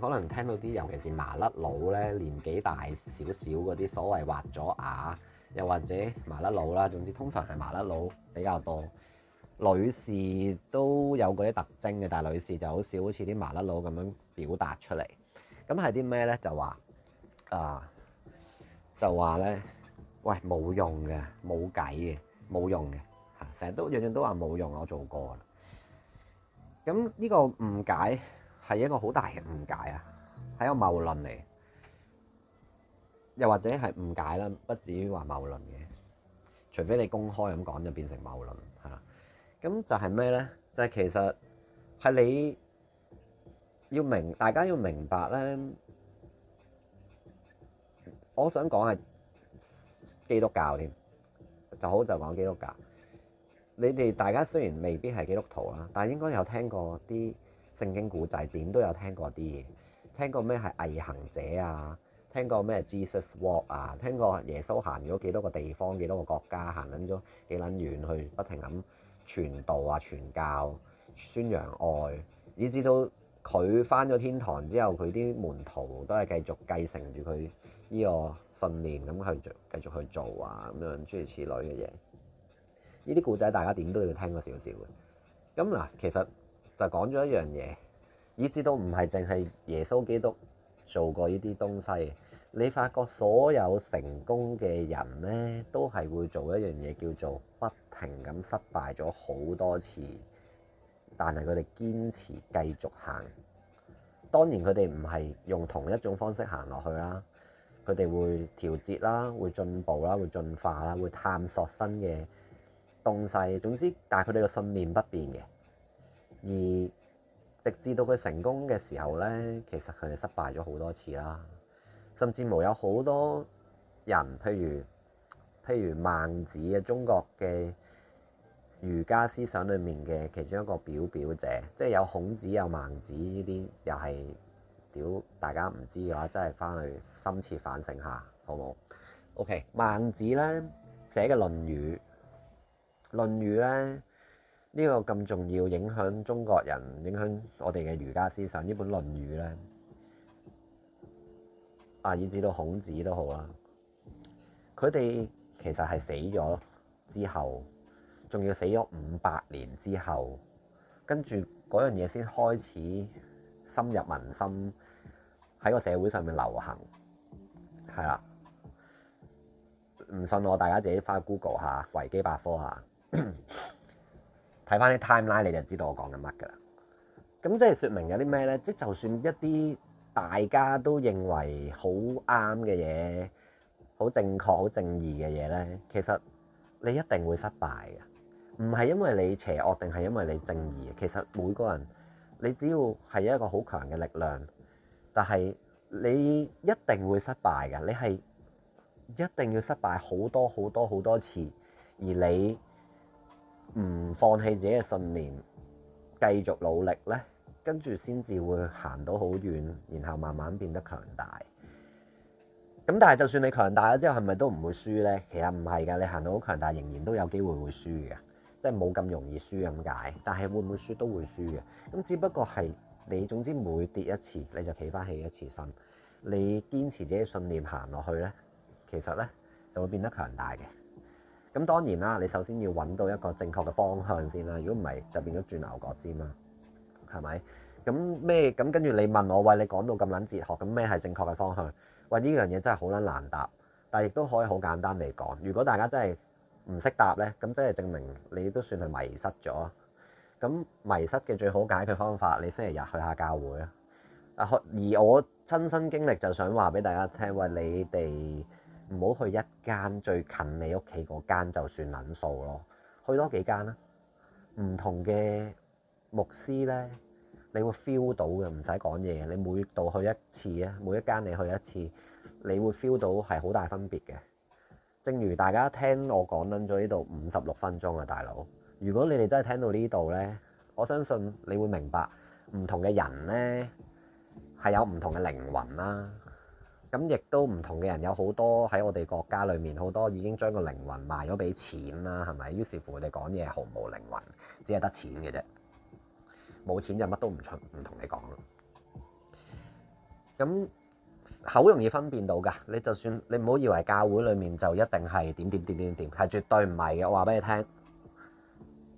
可能聽到啲尤其是麻甩佬呢，年紀大少少嗰啲所謂滑咗牙。又或者麻甩佬啦，總之通常係麻甩佬比較多，女士都有嗰啲特徵嘅，但係女士就好少，好似啲麻甩佬咁樣表達出嚟。咁係啲咩咧？就話啊，就話咧，喂，冇用嘅，冇計嘅，冇用嘅，吓，成日都樣樣都話冇用，我做過啦。咁呢個誤解係一個好大嘅誤解啊，係一個謬論嚟。又或者係誤解啦，不至於話謬論嘅，除非你公開咁講，就變成謬論係啦。咁就係咩咧？就係其實係你要明，大家要明白咧。我想講係基督教添，就好就講基督教。你哋大家雖然未必係基督徒啦，但係應該有聽過啲聖經古仔，點都有聽過啲嘢，聽過咩係毅行者啊？聽過咩 Jesus walk 啊？聽過耶穌行咗幾多個地方、幾多個國家，行緊咗幾撚遠去，不停咁傳道啊、傳教、宣揚愛，以至到佢翻咗天堂之後，佢啲門徒都係繼續繼承住佢呢個信念咁去做、繼續去做啊咁樣諸如此類嘅嘢。呢啲故仔大家點都要聽過少少嘅。咁嗱，其實就講咗一樣嘢，以至到唔係淨係耶穌基督。做過呢啲東西，你發覺所有成功嘅人呢，都係會做一樣嘢，叫做不停咁失敗咗好多次，但係佢哋堅持繼續行。當然佢哋唔係用同一種方式行落去啦，佢哋會調節啦，會進步啦，會進化啦，會探索新嘅東西。總之，但係佢哋嘅信念不變嘅，而。直至到佢成功嘅時候呢，其實佢哋失敗咗好多次啦，甚至無有好多人，譬如譬如孟子啊，中國嘅儒家思想裏面嘅其中一個表表者，即係有孔子、有孟子呢啲，又係屌大家唔知嘅話，真係翻去深切反省下，好冇？OK，孟子呢寫嘅《論語》，《論語》呢。呢個咁重要，影響中國人，影響我哋嘅儒家思想。呢本《論語》呢，啊，以至到孔子都好啦。佢哋其實係死咗之後，仲要死咗五百年之後，跟住嗰樣嘢先開始深入民心，喺個社會上面流行，係啦。唔信我，大家自己翻去 Google 下維基百科下。 睇翻啲 timeline 你就知道我講緊乜噶啦。咁即係說明有啲咩呢？即就算一啲大家都認為好啱嘅嘢，好正確、好正義嘅嘢呢，其實你一定會失敗嘅。唔係因為你邪惡，定係因為你正義？其實每個人，你只要係一個好強嘅力量，就係你一定會失敗嘅。你係一定要失敗好多好多好多次，而你唔放棄自己嘅信念，繼續努力呢，跟住先至會行到好遠，然後慢慢變得強大。咁但係就算你強大咗之後，係咪都唔會輸呢？其實唔係噶，你行到好強大，仍然都有機會會輸嘅，即係冇咁容易輸咁解。但係會唔會輸都會輸嘅，咁只不過係你總之每跌一次，你就企翻起一次身，你堅持自己信念行落去呢，其實呢就會變得強大嘅。咁當然啦，你首先要揾到一個正確嘅方向先啦。如果唔係，就變咗轉牛角尖啦，係咪？咁咩？咁跟住你問我，喂，你講到咁撚哲學，咁咩係正確嘅方向？喂，呢樣嘢真係好撚難答，但係亦都可以好簡單嚟講。如果大家真係唔識答呢，咁即係證明你都算係迷失咗。咁迷失嘅最好解決方法，你星期日去下教會啊。而我親身經歷就想話俾大家聽，喂，你哋。唔好去一間最近你屋企嗰間就算撚數咯，去多幾間啦。唔同嘅牧師咧，你會 feel 到嘅，唔使講嘢。你每度去一次啊，每一間你去一次，你會 feel 到係好大分別嘅。正如大家聽我講撚咗呢度五十六分鐘啊，大佬。如果你哋真係聽到呢度咧，我相信你會明白，唔同嘅人咧係有唔同嘅靈魂啦。咁亦都唔同嘅人有好多喺我哋國家裏面，好多已經將個靈魂賣咗俾錢啦，係咪？於是乎你哋講嘢毫無靈魂，只係得錢嘅啫。冇錢就乜都唔出，唔同你講咯。咁好容易分辨到㗎，你就算你唔好以為教會裏面就一定係點點點點點，係絕對唔係嘅。我話俾你聽，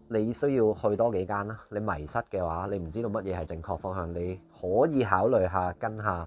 你需要去多幾間啦。你迷失嘅話，你唔知道乜嘢係正確方向，你可以考慮下跟下。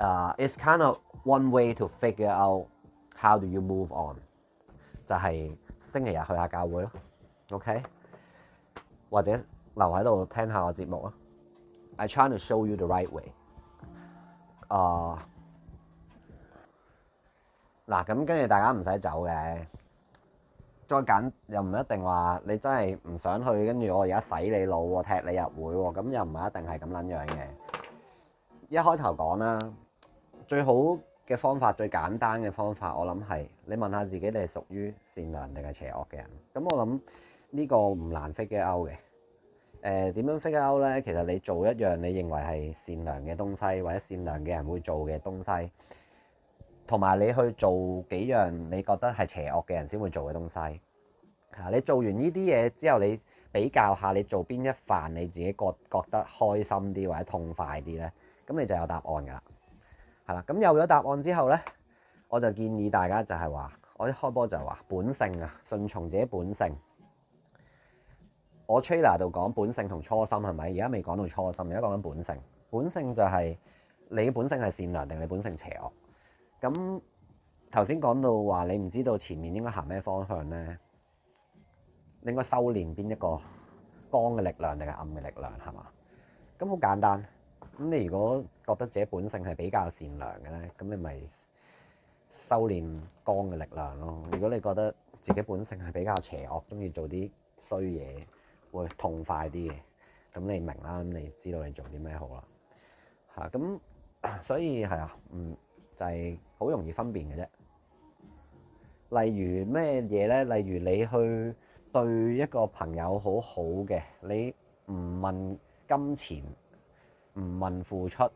Uh, it's kind of one way to figure out how do you move on，就係星期日去下教會咯，OK，或者留喺度聽下我節目啊。I try to show you the right way。啊，嗱，咁跟住大家唔使走嘅，再揀又唔一定話你真係唔想去，跟住我而家洗你腦，踢你入會喎，咁又唔係一定係咁撚樣嘅。一開頭講啦。最好嘅方法，最簡單嘅方法，我諗係你問下自己，你係屬於善良定係邪惡嘅人？咁我諗、呃、呢個唔難 figure out 嘅。誒點樣 figure out 咧？其實你做一樣你認為係善良嘅東西，或者善良嘅人會做嘅東西，同埋你去做幾樣你覺得係邪惡嘅人先會做嘅東西。嗱，你做完呢啲嘢之後，你比較下你做邊一瓣你自己覺覺得開心啲或者痛快啲呢？咁你就有答案㗎啦。咁有咗答案之後呢，我就建議大家就係話，我一開波就係話本性啊，順從自己本性。我 trailer 度講本性同初心係咪？而家未講到初心，而家講緊本性。本性就係、是、你本性係善良定你本性邪惡。咁頭先講到話你唔知道前面應該行咩方向呢？你應該修煉邊一個光嘅力量定係暗嘅力量係嘛？咁好簡單。咁你如果你覺得自己本性係比較善良嘅咧，咁你咪修練光嘅力量咯。如果你覺得自己本性係比較邪惡，中意做啲衰嘢，會痛快啲嘅。咁你明啦，咁你知道你做啲咩好啦。嚇，咁所以係啊，嗯，就係好容易分辨嘅啫。例如咩嘢咧？例如你去對一個朋友好好嘅，你唔問金錢。唔問付出，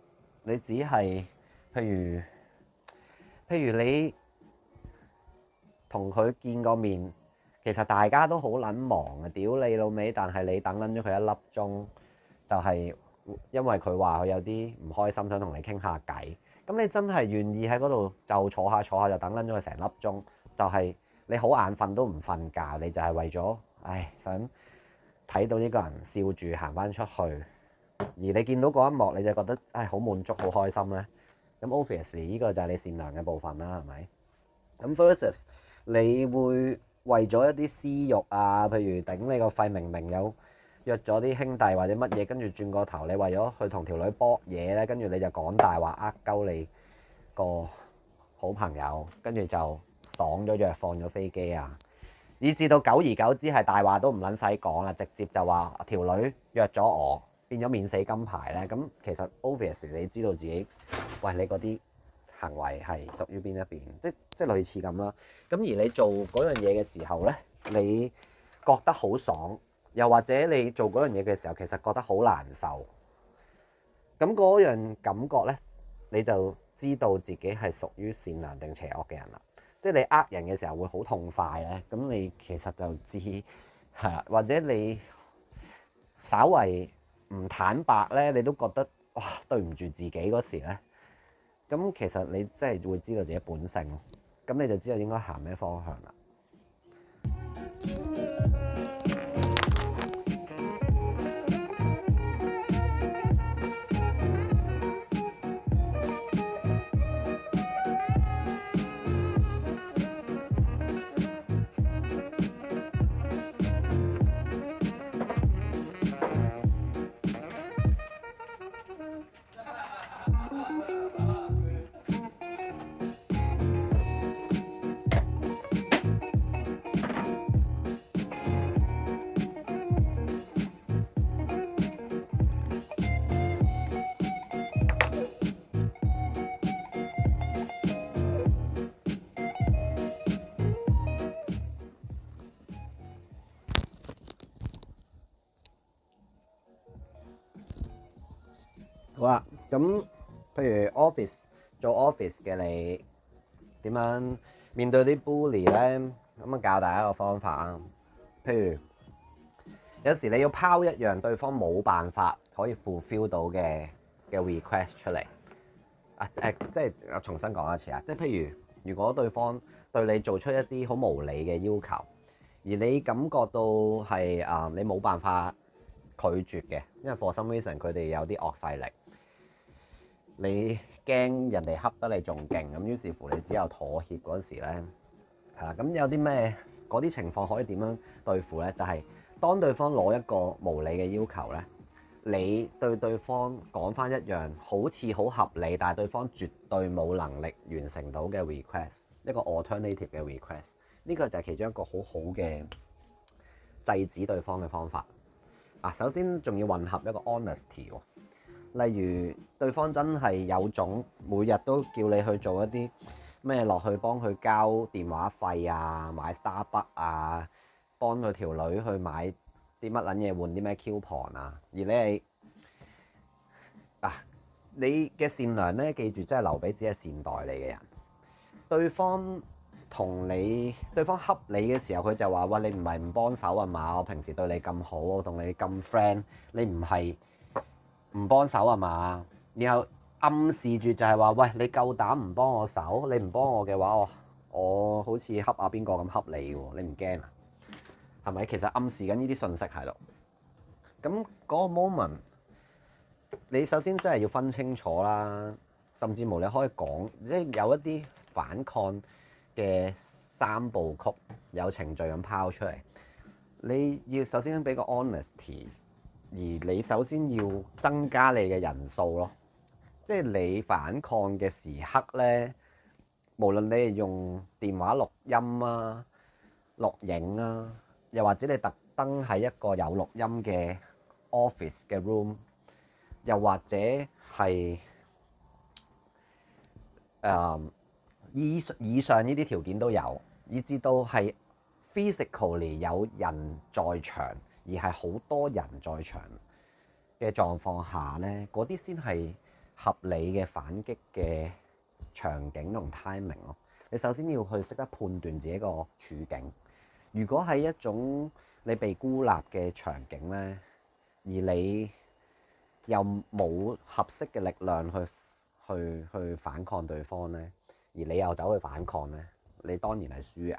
你只係譬如譬如你同佢見個面，其實大家都好撚忙嘅，屌你老味。但係你等撚咗佢一粒鐘，就係因為佢話佢有啲唔開心，想同你傾下偈。咁你真係願意喺嗰度就坐下坐下就，就等撚咗佢成粒鐘，就係你好眼瞓都唔瞓覺，你就係為咗唉，想睇到呢個人笑住行返出去。而你見到嗰一幕，你就覺得唉，好滿足，好開心呢。咁，Obviously 呢個就係你善良嘅部分啦，係咪？咁 Versus 你會為咗一啲私欲啊，譬如頂你個肺，明明有約咗啲兄弟或者乜嘢，跟住轉個頭，你為咗去同條女搏嘢呢，跟住你就講大話呃鳩你個好朋友，跟住就爽咗約放咗飛機啊，以至到久而久之係大話都唔撚使講啦，直接就話條女約咗我。變咗免死金牌咧，咁其實 obviously，你知道自己，喂，你嗰啲行為係屬於邊一邊，即即類似咁啦。咁而你做嗰樣嘢嘅時候咧，你覺得好爽，又或者你做嗰樣嘢嘅時候，其實覺得好難受。咁嗰樣感覺咧，你就知道自己係屬於善良定邪惡嘅人啦。即你呃人嘅時候會好痛快咧，咁你其實就知係啦，或者你稍微，唔坦白咧，你都覺得哇對唔住自己嗰時咧，咁其實你真係會知道自己本性，咁你就知道應該行咩方向啦。咁，譬如 office 做 office 嘅你，點樣面對啲 bully 咧？咁啊教大家一個方法啊。譬如，有時你要拋一樣對方冇辦法可以 fulfill 到嘅嘅 request 出嚟。啊誒、啊，即係我重新講一次啊。即係譬如，如果對方對你做出一啲好無理嘅要求，而你感覺到係啊、呃、你冇辦法拒絕嘅，因為 for some reason 佢哋有啲惡勢力。你驚人哋恰得你仲勁，咁於是乎你只有妥協嗰時咧，係啦。咁有啲咩嗰啲情況可以點樣對付咧？就係當對方攞一個無理嘅要求咧，你對對方講翻一樣好似好合理，但係對方絕對冇能力完成到嘅 request，一個 alternative 嘅 request。呢個就係其中一個好好嘅制止對方嘅方法。啊，首先仲要混合一個 honesty。例如對方真係有種每日都叫你去做一啲咩落去幫佢交電話費啊、買 Starbucks 啊、幫佢條女去買啲乜撚嘢換啲咩 coupon 啊，而咧嗱你嘅、啊、善良呢，記住真係留俾只係善待你嘅人。對方同你，對方恰你嘅時候，佢就話：「喂，你唔係唔幫手啊嘛？我平時對你咁好，我同你咁 friend，你唔係。唔幫手係嘛？然後暗示住就係話，喂，你夠膽唔幫我手？你唔幫我嘅話，我我好似恰阿邊個咁恰你喎？你唔驚啊？係咪？其實暗示緊呢啲信息喺度。咁嗰個 moment，你首先真係要分清楚啦，甚至乎你可以講，即有一啲反抗嘅三部曲，有程序咁拋出嚟。你要首先俾個 honesty。而你首先要增加你嘅人數咯，即係你反抗嘅時刻咧，無論你係用電話錄音啊、錄影啊，又或者你特登喺一個有錄音嘅 office 嘅 room，又或者係誒以以上呢啲條件都有，以至到係 physically 有人在場。而係好多人在場嘅狀況下呢，嗰啲先係合理嘅反擊嘅場景同 timing 咯。你首先要去識得判斷自己個處境。如果係一種你被孤立嘅場景呢，而你又冇合適嘅力量去去去反抗對方呢，而你又走去反抗呢，你當然係輸硬。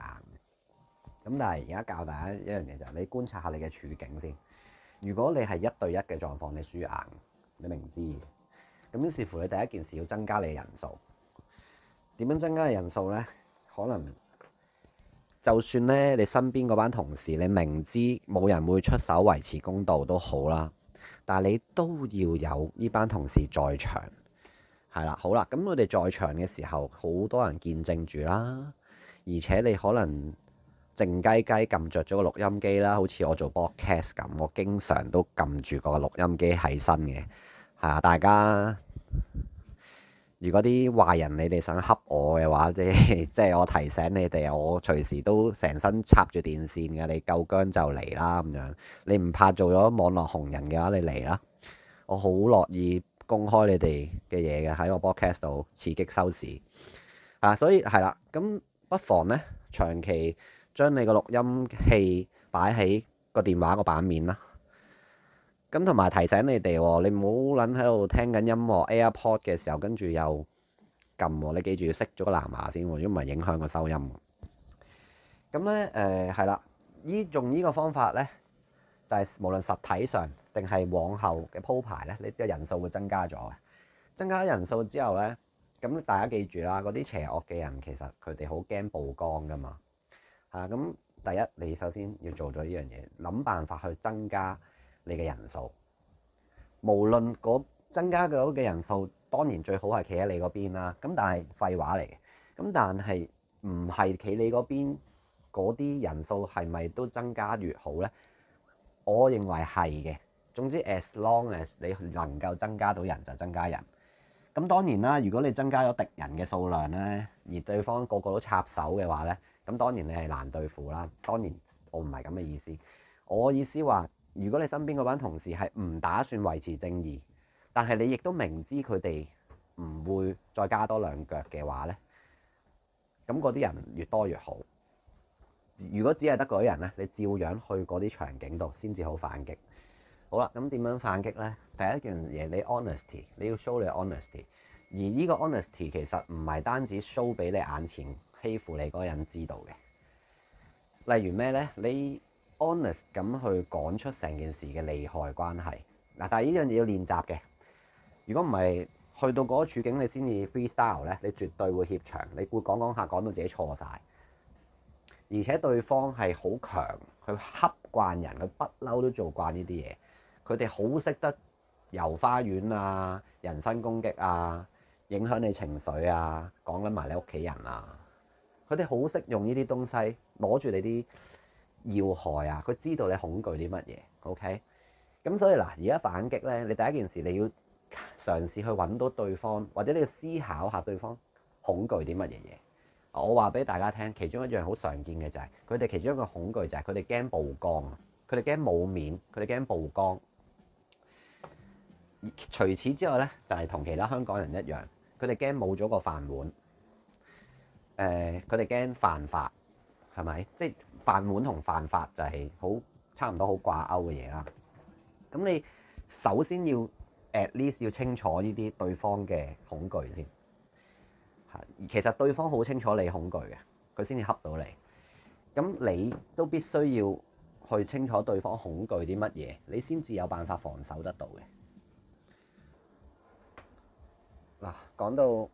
咁但係而家教大家一樣嘢就係你觀察下你嘅處境先。如果你係一對一嘅狀況，你輸硬，你明知。咁視乎你第一件事要增加你嘅人數。點樣增加人數呢？可能就算呢，你身邊嗰班同事，你明知冇人會出手維持公道都好啦。但係你都要有呢班同事在場。係啦，好啦，咁我哋在場嘅時候，好多人見證住啦，而且你可能。靜雞雞撳着咗個錄音機啦，好似我做 broadcast 咁，我經常都撳住個錄音機喺身嘅嚇、啊。大家如果啲壞人你哋想恰我嘅話，即即係我提醒你哋，我隨時都成身插住電線嘅，你夠姜就嚟啦咁樣。你唔怕做咗網絡紅人嘅話，你嚟啦，我好樂意公開你哋嘅嘢嘅喺個 broadcast 度刺激收視啊。所以係啦，咁不妨呢長期。將你個錄音器擺喺個電話個版面啦。咁同埋提醒你哋喎，你唔好撚喺度聽緊音樂 AirPod 嘅時候，跟住又撳喎。你記住要熄咗個藍牙先，如果唔係影響個收音。咁咧誒係啦，依、嗯、用呢個方法咧，就係、是、無論實體上定係往後嘅鋪排咧，你嘅人數會增加咗嘅。增加人數之後咧，咁大家記住啦，嗰啲邪惡嘅人其實佢哋好驚曝光噶嘛。啊，咁第一，你首先要做到呢樣嘢，諗辦法去增加你嘅人數。無論嗰增加嘅人數，當然最好係企喺你嗰邊啦。咁但係廢話嚟嘅，咁但係唔係企你嗰邊嗰啲人數係咪都增加越好咧？我認為係嘅。總之，as long as 你能夠增加到人就增加人。咁當然啦，如果你增加咗敵人嘅數量咧，而對方個個都插手嘅話咧。咁當然你係難對付啦。當然我唔係咁嘅意思，我意思話，如果你身邊嗰班同事係唔打算維持正義，但係你亦都明知佢哋唔會再加多兩腳嘅話咧，咁嗰啲人越多越好。如果只係得嗰啲人咧，你照樣去嗰啲場景度先至好反擊。好啦，咁點樣反擊咧？第一樣嘢，你 honesty，你要 show 你 honesty。而呢個 honesty 其實唔係單止 show 俾你眼前。欺負你嗰個人知道嘅，例如咩呢？你 honest 咁去講出成件事嘅利害關係嗱，但係呢樣嘢要練習嘅。如果唔係去到嗰個處境，你先至 freestyle 咧，你絕對會怯場，你會講講下講到自己錯晒。而且對方係好強，佢恰慣人，佢不嬲都做慣呢啲嘢。佢哋好識得遊花園啊，人身攻擊啊，影響你情緒啊，講緊埋你屋企人啊。佢哋好識用呢啲東西攞住你啲要害啊！佢知道你恐懼啲乜嘢，OK？咁所以嗱，而家反擊咧，你第一件事你要嘗試去揾到對方，或者你要思考下對方恐懼啲乜嘢嘢。我話俾大家聽，其中一樣好常見嘅就係佢哋其中一個恐懼就係佢哋驚曝光啊！佢哋驚冇面，佢哋驚曝光。除此之外咧，就係同其他香港人一樣，佢哋驚冇咗個飯碗。誒，佢哋驚犯法，係咪？即係飯碗同犯法就係好差唔多好掛鈎嘅嘢啦。咁你首先要 at least 要清楚呢啲對方嘅恐懼先。嚇，其實對方好清楚你恐懼嘅，佢先至恰到你。咁你都必須要去清楚對方恐懼啲乜嘢，你先至有辦法防守得到嘅。嗱、啊，講到。